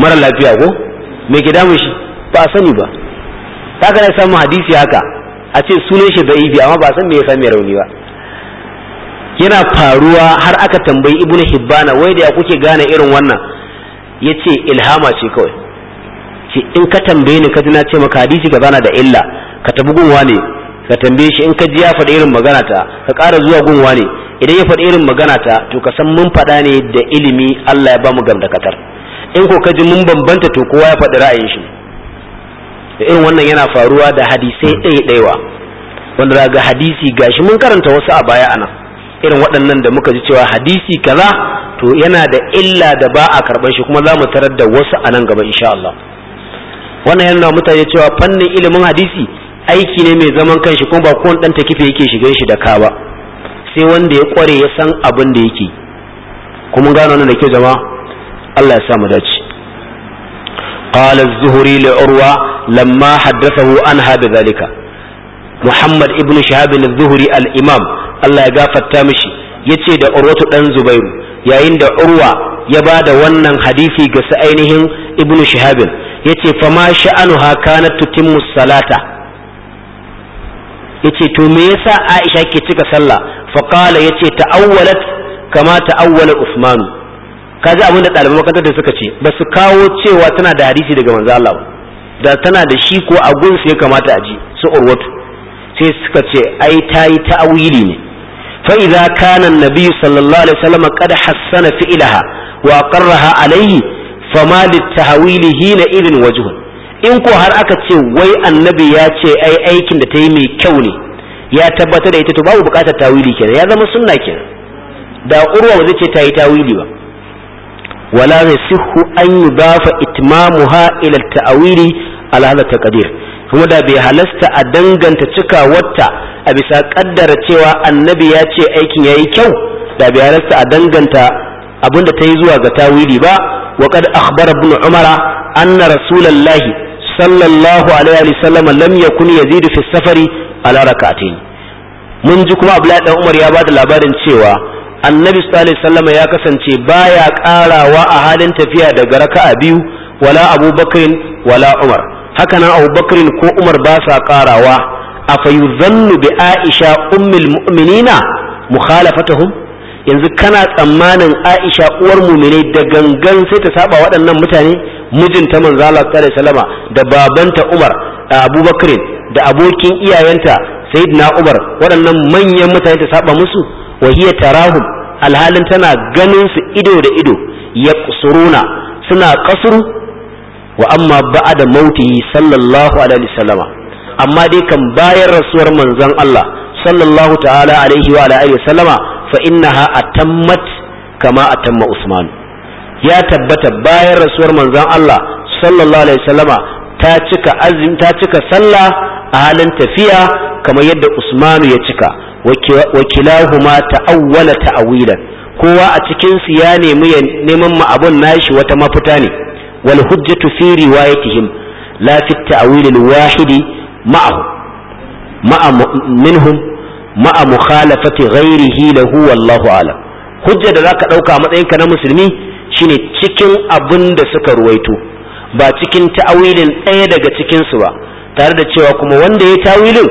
mara lafiya ko me ke damu shi ba a sani ba ta kana samu hadisi haka a ce sunan shi da'ifi amma ba san me ya sami rauni ba yana faruwa har aka tambayi ibnu hibbana wai da ya kuke gane irin wannan yace ilhama ce kawai ce in ka tambaye ni ka na ce maka hadisi ka zana da illa ka tabi gunwa ne ka tambaye shi in ka ji ya faɗi irin magana ta ka ƙara zuwa gunwa ne idan ya faɗi irin magana ta to ka san mun faɗa ne da ilimi Allah ya ba mu dakatar. in ko ka ji mun bambanta to kowa ya faɗi ra'ayin shi da irin wannan yana faruwa da hadisai ɗaya ɗayawa wanda daga hadisi gashi mun karanta wasu a baya ana irin waɗannan da muka ji cewa hadisi kaza to yana da illa da ba a karɓar shi kuma za mu tarar da wasu a nan gaba insha Allah wannan yana mutane cewa fannin ilimin hadisi aiki ne mai zaman kanshi kuma ba kowane ɗan takife yake shiga shi da ka ba sai wanda ya kware ya san abin da yake kuma gano nan da ke zama Allah ya sa mu dace قال الزهري لعروة لما حدثه عنها بذلك محمد ابن شهاب الزهري الإمام الله يغفر تامشي yace da urwatu dan zubairu yayin da urwa ya ba da wannan hadisi ga ainihin ibnu shihabin yace fama sha'anuha kanat tutimmu salata yace to me yasa Aisha ke cika sallah fa qala yace ta'awwalat kama ta'awwala Uthman kaji abin da ɗaliban makarantar da suka ce ba su kawo cewa tana da hadisi daga manzo Allah da tana da shi ko a gunsu ya kamata a ji su urwatu sai suka ce ai ta yi ta'awili ne fa idza kana nabi sallallahu alaihi wasallam qad hassana fi'laha wa qarraha alaihi fama lit tahwilihi hina idin wajhun in ko har aka ce wai annabi ya ce ai aikin da ta yi mai kyau ne ya tabbatar da ita to babu bukatar tawili kenan ya zama sunna kenan da urwa ba zai ce ta yi tawili ba wala sihu an yudafa itmamuha ila ta'wili ala taqdir kuma da bai halasta a danganta cika cikawarta a bisa kaddara cewa annabi ya ce aikin yayi kyau da bai halasta a danganta abinda ta yi zuwa ga tawili ba wa kad akhbara ibn umara anna rasulullahi sallallahu alaihi wa sallam lam yakun yazidu fi safari ala rak'atayn mun ji kuma Abdullahi Ɗan Umar ya bada labarin cewa Annabi sallallahu alaihi ya kasance baya ƙarawa a halin tafiya daga raka'a biyu wala Abu wala Umar haka nan Abu ko Umar ba sa karawa afayuzannu bi Aisha ummul mu'minina mukhalafatahum yanzu kana tsammanin aisha uwar mumine da gangan sai ta saɓa waɗannan mutane mijinta manzo Allah sallallahu da babanta Umar da Abubakar da abokin iyayenta Sayyidina Umar waɗannan manyan mutane ta saba musu wa hiya tarahum alhalin tana ganin su ido da ido ya kusuruna, suna kasuru wa amma da mautihi sallallahu alaihi wasallama amma dai kan bayan rasuwar manzon Allah sallallahu ta'ala alaihi wa alihi wasallama fa innaha atammat kama atamma Usman ya tabbata bayan rasuwar manzon Allah sallallahu alaihi wasallama ta cika azim ta cika sallah a halin tafiya kamar yadda Usmanu ya cika Wakilahuma ta ta'awwala ta'awilan kowa a cikin su ya nemi neman ma abun nashi wata mafita ne wal hujjatu fi riwayatihim la fi ta'wil wahidi ma'ahu ma'a minhum ma'a mukhalafati ghairihi lahu wallahu a'lam hujja da zaka dauka a matsayinka na musulmi shine cikin abin da suka ruwaito ba cikin ta'awilin ɗaya daga cikin su ba tare da cewa kuma wanda ya ta'awilin,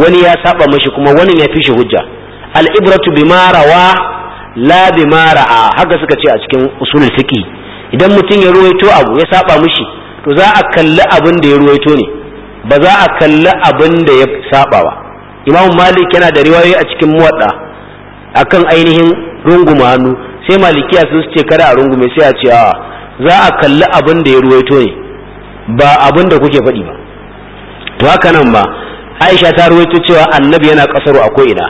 wani ya saba mashi kuma wani ya fi shi hujja al-ibratu bima rawa la bima ra'a haka suka ce a cikin usulul fiqi idan mutum ya ruwaito abu ya saba mashi to za a kalli abin da ya ruwaito ne ba za a kalli abin da ya saba ba imam malik yana da riwayoyi a cikin muwadda akan ainihin runguma hannu sai malikiya sun ce kada a rungume sai a ce a za a kalli abin da ya ruwaito ne ba abin da kuke faɗi ba to haka nan ba aisha ta ruwaito cewa annabi yana kasaru a ko'ina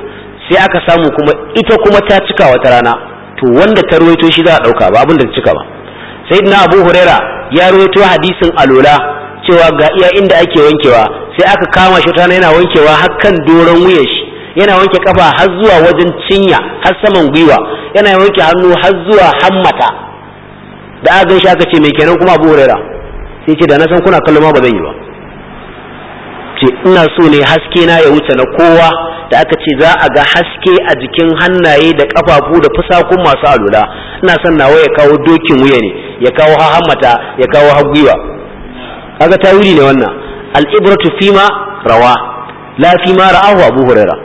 sai aka samu kuma ita kuma ta cika wata rana to wanda ta ruwaito shi za a ɗauka ba abin da ta cika ba na abu huraira ya ruwaito hadisin alola cewa ga iya inda ake wankewa sai aka kama shi tana yana wankewa hakan doron wuyan shi yana wanke kafa har zuwa wajen cinya har saman gwiwa yana wanke hannu har zuwa hammata da a gan shi ce mai kenan kuma abu huraira sai ce da na san kuna kallon ba zan yi ba ce ina so ne haske na ya wuce na kowa da aka ce za a ga haske a jikin hannaye da kafafu da fusakun masu alula ina son nawa ya kawo dokin wuya ne ya kawo ha hammata ya kawo ha gwiwa kaga tawili ne wannan al'ibratu fima rawa la fima ra'ahu abu hurairah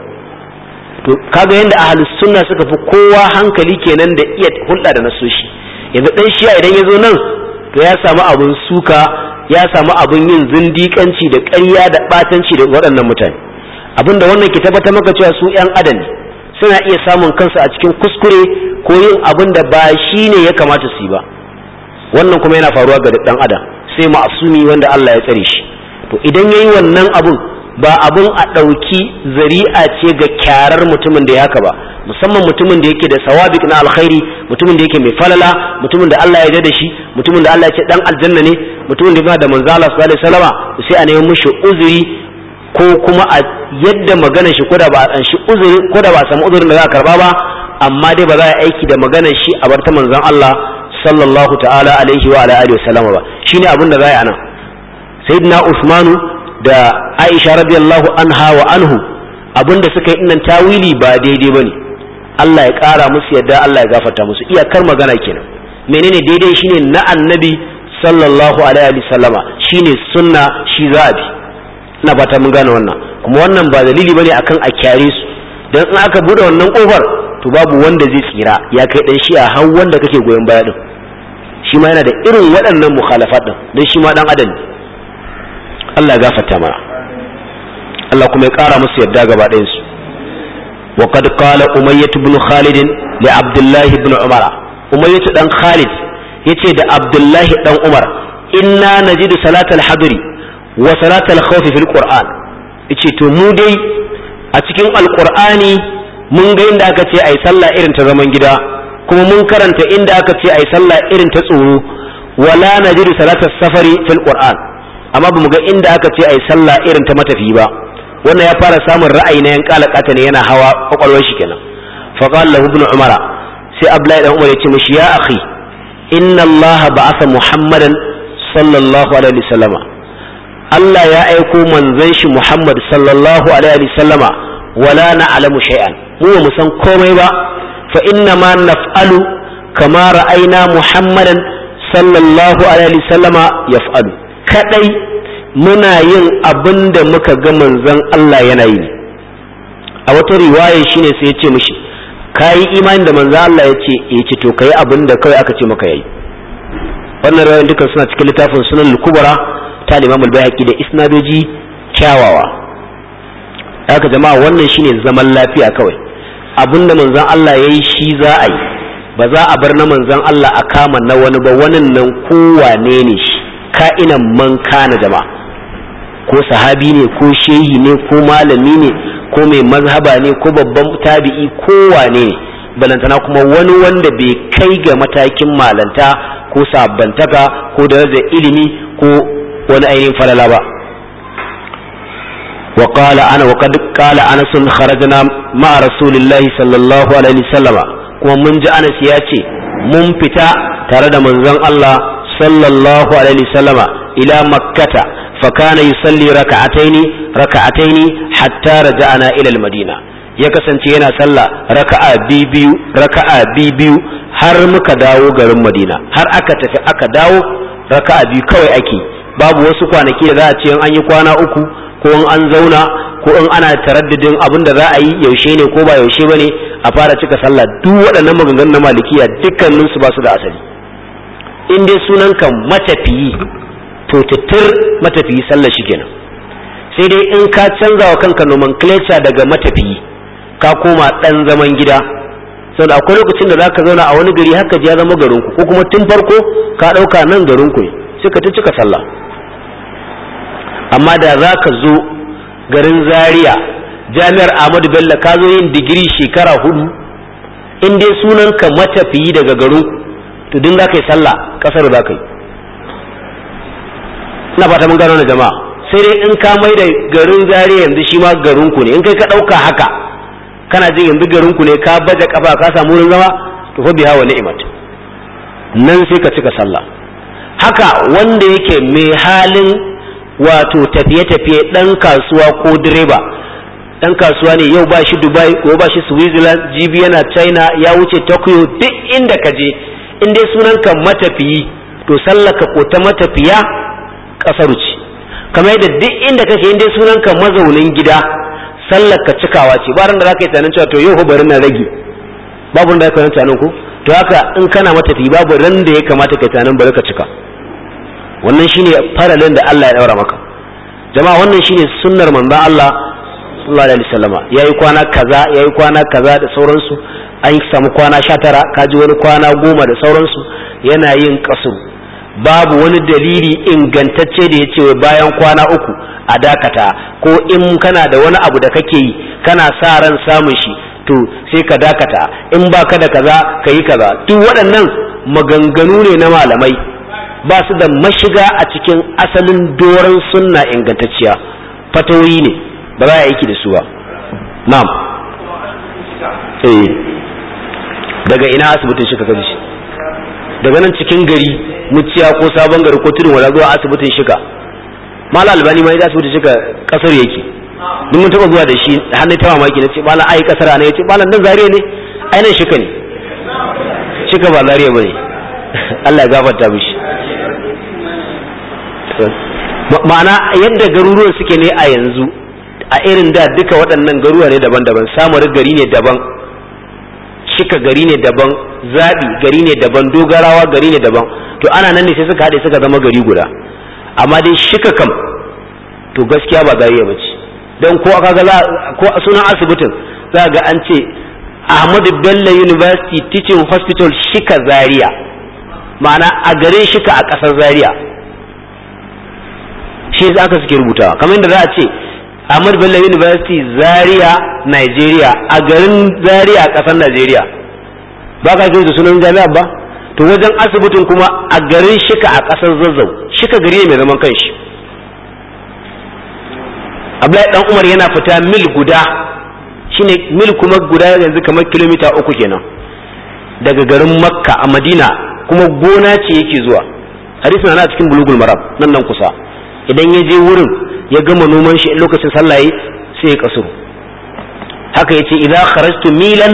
to kaga yanda ahlus sunna suka fi kowa hankali kenan da iya hulɗa da nasoshi yanzu dan shiya idan ya zo nan to ya samu abun suka ya samu abun yin zindiƙanci da ƙarya da ɓatanci da waɗannan mutane abinda wannan ke tabbatar maka cewa su ƴan adam ne suna iya samun kansu a cikin kuskure ko yin abin da ba shi ne ya kamata su yi ba wannan kuma yana faruwa ga ɗan adam sai ma'asumi wanda Allah ya tsare shi to idan yayi wannan abun ba abun a ɗauki zari'a ce ga kyarar mutumin da ya haka ba musamman mutumin da yake da sawabik na alkhairi mutumin da yake mai falala mutumin da Allah ya yarda da shi mutumin da Allah ya ce dan aljanna ne mutumin da ba da manzo Allah sallallahu alaihi wasallama sai a nemi mishi uzuri ko kuma a yadda magana shi ko da ba a shi uzuri ko da ba a samu uzurin da za a karba ba amma dai ba za a aiki da magana shi a bar ta manzon Allah sallallahu ta'ala alaihi wa alihi wasallama ba shine abin da za a yi anan sayyidina Usmanu da Aisha radiyallahu anha wa anhu abinda suka yi innan tawili ba daidai bane Allah ya kara musu yadda Allah ya gafarta musu iyakar magana kenan menene daidai shine na annabi sallallahu alaihi wa sallama shine sunna shi za bi ina fata mun gane wannan kuma wannan ba dalili bane akan a kyare su dan in aka bude wannan kofar to babu wanda zai tsira ya kai dan shi'a har wanda kake goyon baya din shi ma yana da irin waɗannan mukhalafat din dan shi ma dan adam Allah ya gafarta mana Allah kuma ya ƙara musu yadda gaba ɗayan su wa qad qala umayyah ibn khalid li abdullah ibn umara umayyah dan khalid yace da abdullah dan umar inna najidu salatal hadri wa salatal khawfi fil qur'an yace to mu dai a cikin alqur'ani mun ga inda aka ce ai sallah irin ta zaman gida kuma mun karanta inda aka ce ai sallah irin ta tsoro wala najidu salatas safari fil qur'an amma bamu ga inda aka ce ai sallah irin ta matafi ba wannan ya fara samun ra'ayi na yan kalakata ne yana hawa kwakwalwar shi kenan fa qala lahu umara sai abdullahi dan umar ya ce mishi ya akhi inna allaha ba'atha muhammadan sallallahu alaihi wasallama Allah ya aiko manzon shi Muhammad sallallahu alaihi wasallama wala na'lamu shay'an mu mu san komai ba fa inna ma naf'alu kama ra'ayna Muhammadan sallallahu alaihi wasallama yaf'alu kadai muna yin abin da muka ga manzon Allah yana yi a wata riwaya shine sai ya ce mishi kayi imani da manzon Allah ya ce eh, ya ce to kai abin da kawai aka ce maka yayi wannan riwayoyin duka suna cikin littafin sunan al-kubra ta Imam al bayhaqi da isnadoji kyawawa haka jama'a wannan shine zaman lafiya kawai da manzon Allah yayi shi za a yi ba za a bar na manzon Allah a kama na wani ba wannan nan ne ne shi ka'inan man kana jama'a ko sahabi ne ko shehi ne ko malami ne ko mai mazhaba ne ko babban tabi'i ko wane ne balantana kuma wani wanda bai kai ga matakin malanta ko sabantaka ko darajar ilimi ko wani ainihin falala ba وقال أنا وقد قال أنس خرجنا مع رسول الله صلى الله عليه وسلم ومن جاء أنس ياتي mun fita tare da manzon Allah sallallahu alaihi wasallama ila makkata fa kana yusalli raka'ataini raka'ataini hatta raja'ana ila al-madina ya kasance yana sallah raka'a biyu biyu har muka dawo garin madina har aka tafi aka dawo raka'a biyu kawai ake babu wasu kwanaki da za a ce an yi kwana uku ko an zauna ko in ana taraddadin abin da za a yi yaushe ne ko ba yaushe ba ne a fara cika sallah duk waɗannan maganganun malikiya dukkaninsu ba su da asali in dai sunanka matafiyi to tutur matafiyi sallar shi kenan sai dai in ka canza wa kanka nomenclature daga matafiyi ka koma ɗan zaman gida saboda akwai lokacin da zaka zauna a wani gari haka ji ya zama garinku ko kuma tun farko ka ɗauka nan garinku ne sai ka ta cika sallah amma da za ka zo garin zaria jami'ar ahmadu bello ka zo yin digiri shekara hudu in dai sunanka matafiyi daga garinku to din za ka yi sallah kasar za ka yi ina fata mun gano na jama'a sai dai in ka mai da garin zari yanzu shi ma garin ku ne in kai ka ɗauka haka kana jin yanzu garin ku ne ka baje kafa ka samu wurin zama to fa biha wa ni'mat nan sai ka cika sallah haka wanda yake mai halin wato tafiye-tafiye dan kasuwa ko direba dan kasuwa ne yau ba shi Dubai ko ba shi Switzerland jibi yana China ya wuce Tokyo duk inda ka je in dai sunanka matafiyi to sallaka ko ta matafiya kasaru ce kamar yadda duk inda kake in dai sunanka mazaunin gida sallaka cikawa ce ba ran da zaka yi tunanin cewa to yau bari na rage babu da zaka yi tunanin ko to haka in kana matafiyi babu ran da ya kamata yi tunanin bari ka cika wannan shine faralin da Allah ya daura maka jama'a wannan shine sunnar manzon Allah sallallahu alaihi wasallama yayi kwana kaza yayi kwana kaza da sauransu an samu kwana 19 kaji wani kwana goma da sauransu yana yin kasuru babu wani dalili ingantacce da yace bayan kwana uku a dakata ko in kana da wani abu da kake yi kana sa ran samun shi to sai ka dakata in baka da kaza kayi kaza duk waɗannan maganganu ne na malamai ba su da mashiga a cikin asalin doron sunna ingantacciya fatawoyi ne ba za a aiki da su ba na'am eh daga ina asibitin shika ka shi daga nan cikin gari muciya ko sabon gari ko tudun wala zuwa asibitin shika mala albani ma da asibitin shika kasar yake duk mun taba zuwa da shi har na tawa maki ce mala ai kasar ana yace mala nan zariya ne ai nan shika ne shika ba zariya bane Allah ya gafarta mishi ma'ana yadda garuruwan suke ne a yanzu a irin da duka waɗannan garuwa ne daban-daban samun gari ne daban shika gari ne daban zaɓi gari ne daban dogarawa gari ne daban to ana nan ne sai suka haɗe suka zama gari guda amma dai shika kam to gaskiya ba gari ya mace don ko aka ga ko sunan asibitin za ga an ce ahmadu bello university teaching hospital shika zaria ma'ana a garin shika a ƙasar zaria shi aka suke rubutawa kamar da za a ce Ahmad Bello University Zaria Nigeria a garin Zaria kasar Nigeria ba ka da sunan jami'a ba to wajen asibitin kuma a garin Shika a kasar Zazzau Shika gari ne mai zaman kanshi Abdullahi dan Umar yana fita mil guda shine mil kuma guda yanzu kamar kilomita uku kenan daga garin Makka a Madina kuma gona ce yake zuwa hadisi na cikin bulugul maram nan nan kusa idan ya je wurin ya gama noman shi lokacin sallah yi sai ya kasu haka yace idza kharajtu milan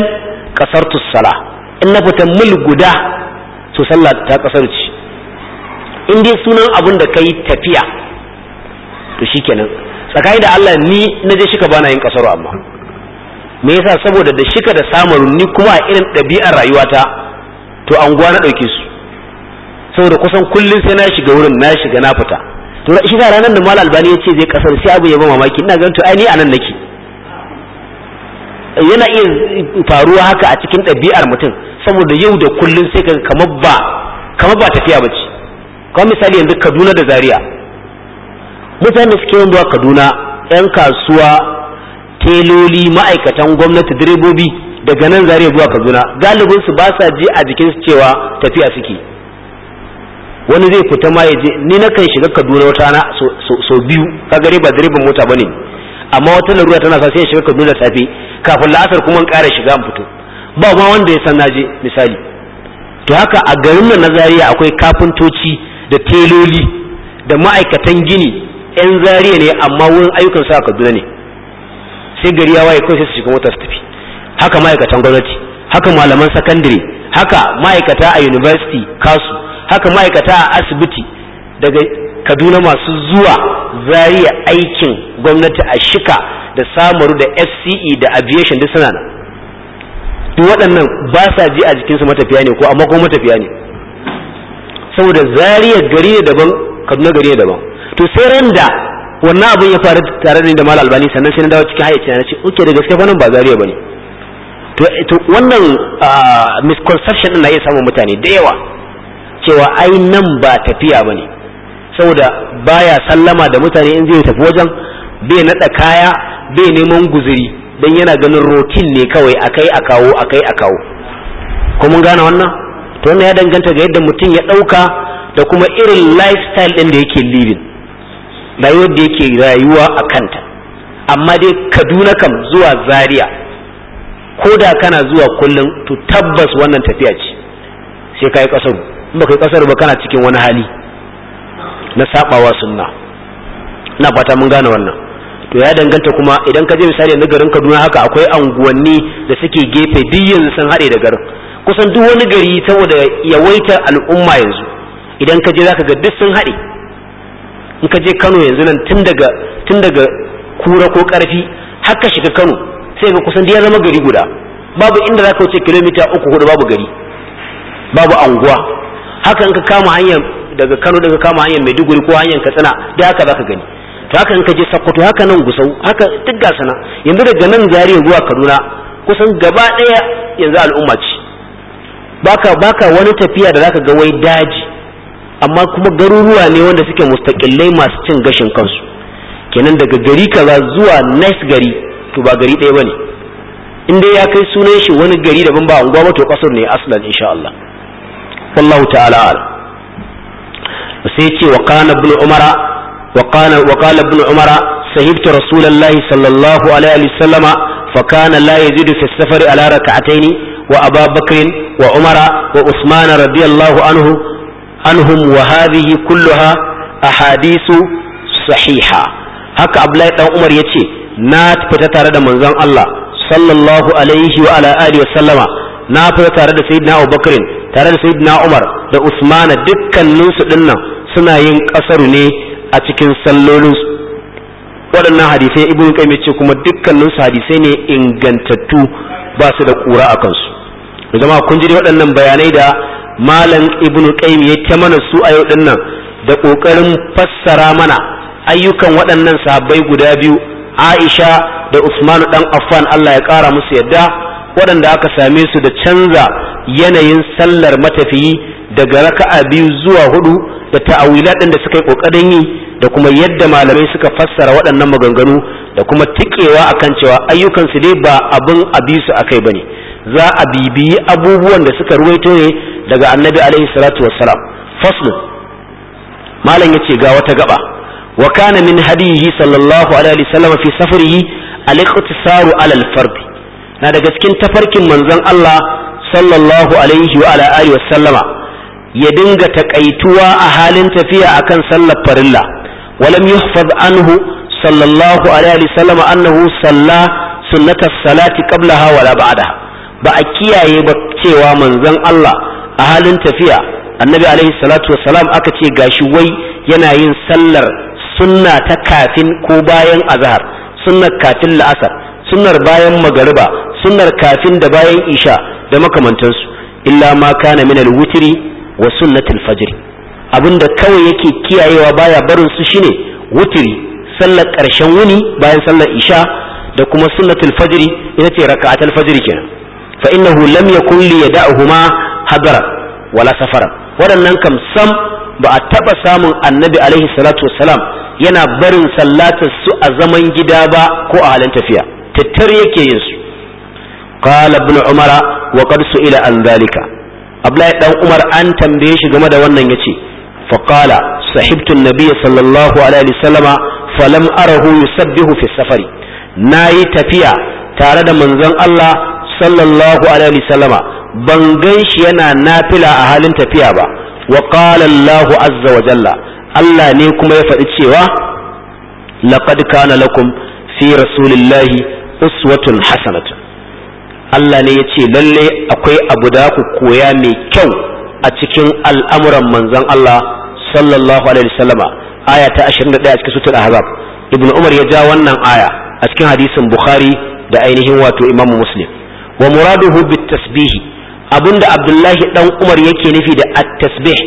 kasartu as in na fita mil guda to sallah ta kasarci in dai sunan abin da kai tafiya to shikenan tsakani da Allah ni na je shika bana yin kasaro amma me yasa saboda da shika da samaru ni kuma a irin ɗabi'ar rayuwata to anguwa na ɗauke su saboda kusan kullum sai na shiga wurin na shiga na fita to shi da ranar da mal albani ce zai kasar sai abu ya ba mamaki ina ganin to ai ni anan nake yana iya faruwa haka a cikin ɗabi'ar mutum saboda yau da kullun sai ka kamar ba kamar ba tafiya bace kamar misali yanzu Kaduna da Zaria mutane suke zuwa Kaduna yan kasuwa teloli ma'aikatan gwamnati direbobi daga nan Zaria zuwa Kaduna galibin su ba sa ji a jikin su cewa tafiya suke wani zai fita ma ya je ni nakan shiga kaduna wata rana so biyu ka gare ba direban mota bane amma wata na ruwa tana sa sai shiga kaduna da safe kafin la'asar kuma in ƙara shiga an fito ba ma wanda ya san naje misali to haka a garin nan na Zariya akwai kafintoci da teloli da ma'aikatan gini yan Zariya ne amma wurin ayyukan sa a kaduna ne sai gari ya waye kawai sai su shiga mota su tafi haka ma'aikatan gwamnati haka malaman sakandare haka ma'aikata a university kasu haka ma'aikata a asibiti daga kaduna masu zuwa zariya aikin gwamnati a shika da samaru da fce da aviation duk suna nan duk waɗannan ba sa ji a jikinsu matafiya ne ko amma ko matafiya ne saboda zariya gari ne daban kaduna gari ne daban to sai ran da wannan abin ya faru tare da mal albani sannan sai na dawo cikin hayyacin na ce oke da gaske wannan ba zariya ne? to wannan ah, misconception na iya samun mutane da yawa cewa ai nan ba tafiya ba ne saboda baya sallama da mutane in zai tafi wajen bai nada kaya bai neman guzuri don yana ganin rotin ne kawai akai a kawo kai a kawo ko mun gane wannan to wannan ya danganta ga yadda mutum ya ɗauka da kuma irin lifestyle din da yake living da yadda yake rayuwa a kanta amma dai kaduna kam zuwa zaria ko da kana zuwa kullum to tabbas wannan tafiya ce sai ka yi ƙasar in baka yi kasar ba kana cikin wani hali na sabawa sunna na fata mun gane wannan to ya danganta kuma idan ka je misali na garin Kaduna haka akwai anguwanni da suke gefe duk yanzu sun haɗe da garin kusan duk wani gari saboda yawaitar al'umma yanzu idan ka je zaka ga duk sun haɗe in ka je Kano yanzu nan tun daga tun daga kura ko karfi haka shiga Kano sai ga kusan ya zama gari guda babu inda zaka wuce kilomita uku hudu babu gari babu anguwa haka in ka kama hanyar daga Kano daga kama hanyar Maiduguri ko hanyar Katsina da haka zaka gani to haka in ka je Sokoto haka nan Gusau haka duk gasana yanzu daga nan ya zuwa Kaduna kusan gaba ɗaya yanzu al'umma ce baka baka wani tafiya da zaka ga wai daji amma kuma garuruwa ne wanda suke mustaqillai masu cin gashin kansu kenan daga gari kaza zuwa next gari to ba gari ɗaya bane in dai ya kai sunan shi wani gari daban ba unguwa ba to kasar ne aslan insha Allah wallahu ta'ala sai ce wa kana ibn umara wa kana wa qala ibn umara sahibtu rasulullahi sallallahu alaihi wasallama fa kana la yajidu fi safari ala rak'atayn wa aba bakr wa umara wa usman radiyallahu anhu anhum wa hadhihi kulluha ahadithu sahiha haka abdullahi dan umar yace na fita tare da manzon Allah sallallahu alaihi wa ala alihi wasallama na fita tare da sayyidina Abu tare da sayyidina Umar da Usmana dukkanin su dinnan suna yin kasaru ne a cikin sallolin waɗannan hadisai ibnu qayyim ce kuma dukkanin su hadisai ne ingantattu ba su da kura a kansu jama'a kun ji waɗannan bayanai da malam ibnu qayyim ya ta mana su a yau dinnan da kokarin fassara mana ayyukan waɗannan sahabbai guda biyu Aisha da Usman dan Affan Allah ya ƙara musu yadda waɗanda aka same su da canza yanayin sallar matafiyi daga raka'a biyu zuwa hudu da ta'awila ɗin da suka yi ƙoƙarin yi da kuma yadda malamai suka fassara waɗannan maganganu da kuma tikewa a kan cewa ayyukansu su dai ba abin abi su ba ne. za a bibiyi abubuwan da suka ruwaito ne daga annabi alaihi salatu wassalam faslu malam yace ga wata gaba wa kana min hadihi sallallahu alaihi wasallam fi safarihi al-iqtisaru ala al-fard na daga cikin tafarkin manzon Allah sallallahu alaihi wa ala alihi wasallama ya dinga takaituwa a halin tafiya akan sallar farilla walam yuhfaz anhu sallallahu alaihi wasallama annahu salla sunnata salati qablaha wala ba'daha ba a kiyaye ba cewa manzon Allah a halin tafiya annabi alaihi salatu wassalam aka ce gashi wai yana yin sallar sunna ta kafin ko bayan azhar sunnar kafin la'asar sunnar bayan magariba sunnar kafin da bayan isha da makamantansu illa ma kana min al wa sunnatul fajr abinda kawai yake kiyayewa baya barin su shine wutiri sallar ƙarshen wuni bayan sallar isha da kuma sunnatul fajr ita ce raka'atul fajr kenan fa innahu lam yakun li yada'uhuma hadara wala safara waɗannan kam sam ba a taɓa samun annabi alaihi salatu wassalam yana barin sallatar su a zaman gida ba ko a halin tafiya tattare yake yin su qala ibn umara wa qad su'ila an zalika abdullahi dan umar an tambaye shi game da wannan ya ce. qala sahibtu an-nabiy sallallahu alaihi wasallama falam arahu yusabbihu fi safari nayi tafiya tare da manzon Allah sallallahu alaihi wasallama ban gan shi yana nafila a halin tafiya ba wa qala Allahu wa jalla Allah ne kuma ya faɗi cewa lakadka kana lakum fi rasulillahi uswatun hasanatun Allah ne ya ce lalle akwai abu da ku koya mai kyau a cikin al'amuran manzan Allah sallallahu alaihi wasallama aya ta 21 a cikin sutar ahzab ibnu umar ya ja wannan aya a cikin hadisin bukhari da ainihin wato Imam muslim wa muraduhu bit tasbih abinda abdullahi dan umar yake nufi da at tasbih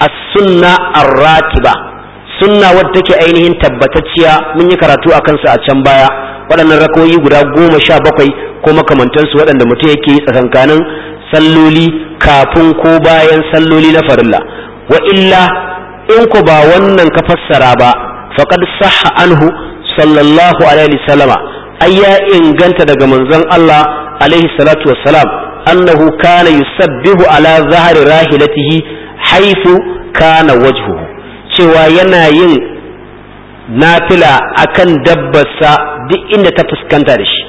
as-sunna ar-ratiba sunna wadda take ainihin tabbatacciya mun yi karatu a kansa a can baya waɗannan rakoyi guda goma sha bakwai ko makamantansu waɗanda mutum yake yi tsakankanin salloli kafin ko bayan salloli na farilla wa illa in ku ba wannan ka fassara ba faqad sahha anhu sallallahu alaihi wasallama ai ya inganta daga manzon Allah alaihi salatu wassalam annahu kana yusabbihu ala zahri rahilatihi haythu kana wajhuhu cewa yana yin nafila akan dabbarsa duk inda ta fuskanta da shi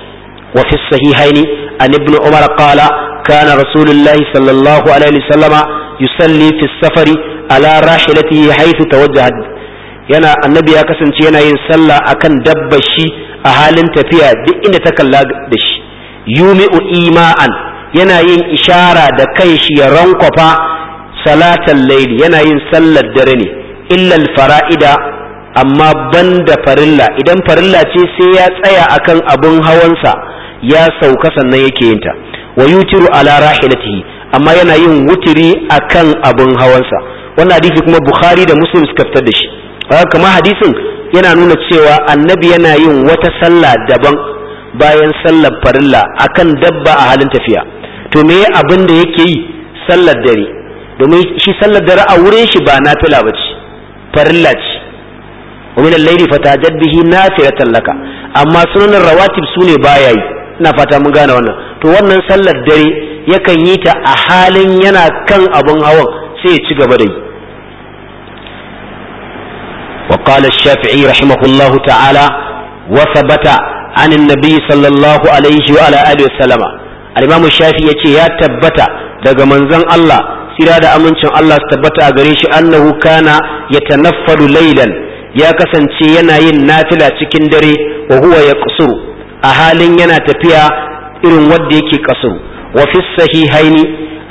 wa fi sahihaini an ibnu umar qala kana rasulullahi sallallahu alaihi wasallama yusalli fi safari ala rahilatihi haythu tawajjaha yana annabi ya kasance yana yin sallah akan dabbar shi a halin tafiya duk inda ta kalla da shi yumi'u ima'an yana yin ishara da kai shi ya rankwafa salatan laili yana yin sallar dare ne illal fara'ida amma banda farilla idan farilla ce sai ya tsaya akan abun hawansa ya sauka sannan yake yinta wa yutiru ala rahilatihi amma yana yin wutiri akan abun hawansa wannan hadisi kuma bukhari da muslim suka fitar da shi kamar hadisin yana nuna cewa annabi yana yin wata sallah daban bayan sallar farilla akan dabba a halin tafiya to me abin da yake yi sallar dare domin shi sallar dare a wurin shi ba nafila ba ce farilla ce wa min al-layli fatajad bihi nafilatan laka amma sunanin rawatib sune baya yi ina fata mun gane wannan to wannan sallar dare yakan yi ta a halin yana kan abun hawan sai ya ci gaba da yi وقال الشافعي رحمه الله تعالى وثبت عن النبي صلى الله عليه وعلى آله وسلم الإمام الشافعي يتي يا تبت دق منزن الله tsira da amincin Allah su tabbata a gare shi annahu kana yatanaffalu laylan ya kasance yana yin nafila cikin dare wa huwa yaqsuru a halin yana tafiya irin wanda yake kasuru wa fi sahihaini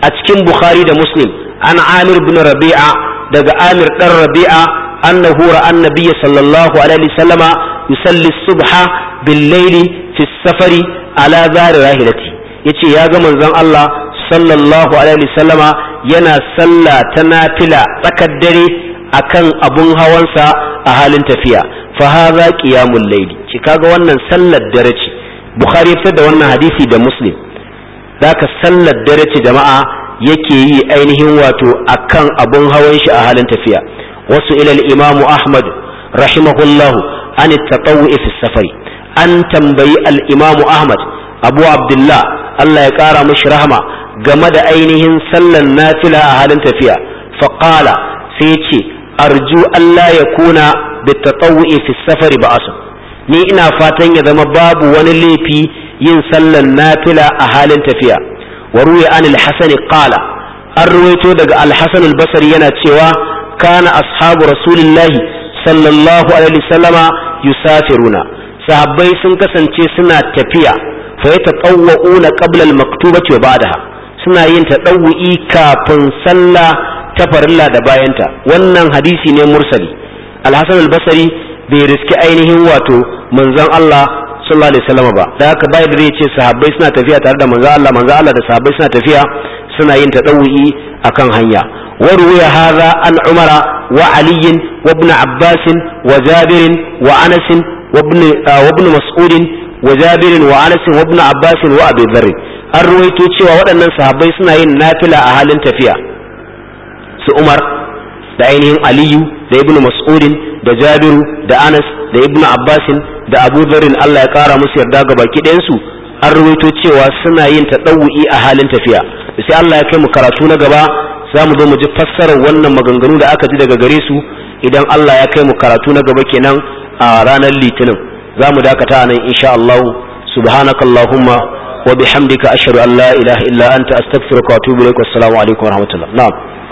a cikin bukhari da muslim an amir bin rabi'a daga amir dan rabi'a annahu ra'a annabiy sallallahu alaihi wasallama yusalli subha bil layli fi safari ala zari rahilati yace ya ga manzon Allah sallallahu alaihi wasallama yana sallah ta nafila tsakar dare akan abun hawansa a halin tafiya fa hadha qiyamul layli ki kaga wannan sallar dare ce bukhari ya fitar da wannan hadisi da muslim zaka sallar dare ce jama'a yake yi ainihin wato akan abun hawan shi a halin tafiya wasu ilal imamu ahmad rahimahullahu an tatawwu fi safari an tambayi al imamu ahmad abu abdullah Allah ya ƙara mashi rahama game da ainihin sallan nafila a halin tafiya faƙala sai ya ce arju Allah ya kuna da tatsawu'i fi safari ba asu ni ina fatan ya zama babu wani laifi yin sallan nafila a halin tafiya wa ruya an al-hasan an ruwaito daga AlHassan hasan yana cewa kana ashabu rasulillahi sallallahu alaihi wasallama yusafiruna sahabbai sun kasance suna tafiya fa yataqawwa'una qabla al-maktubati wa ba'daha suna yin tadawwi kafin sallah ta da bayanta wannan hadisi ne mursali al al-basri bai riski ainihin wato manzon Allah sallallahu alaihi wasallam ba da haka bai da ce sahabai suna tafiya tare da manzon Allah manzon Allah da sahabbai suna tafiya suna yin tadawwi akan hanya وروي هذا wa عمر وعلي وابن wa وجابر wa وابن, وابن Mas'udin. wa jabir wa anas wa ibn wa abi an ruwaito cewa waɗannan sahabbai suna yin nafila a halin tafiya su umar da ainihin aliyu da ibn mas'udin da jabiru da anas da ibn abbas da abu dharr Allah ya kara musu yarda ga baki ɗayansu an ruwaito cewa suna yin tadawu'i a halin tafiya sai Allah ya kai mu karatu na gaba za mu zo mu ji fassarar wannan maganganu da aka ji daga gare su idan Allah ya kai mu karatu na gaba kenan a ranar litinin za mu dakata nan insha Allah subhanakallahumma wa bihamdika ashhadu an la ilaha illa anta astaghfiruka wa atubu ilaik assalamu alaikum wa rahmatullah na'am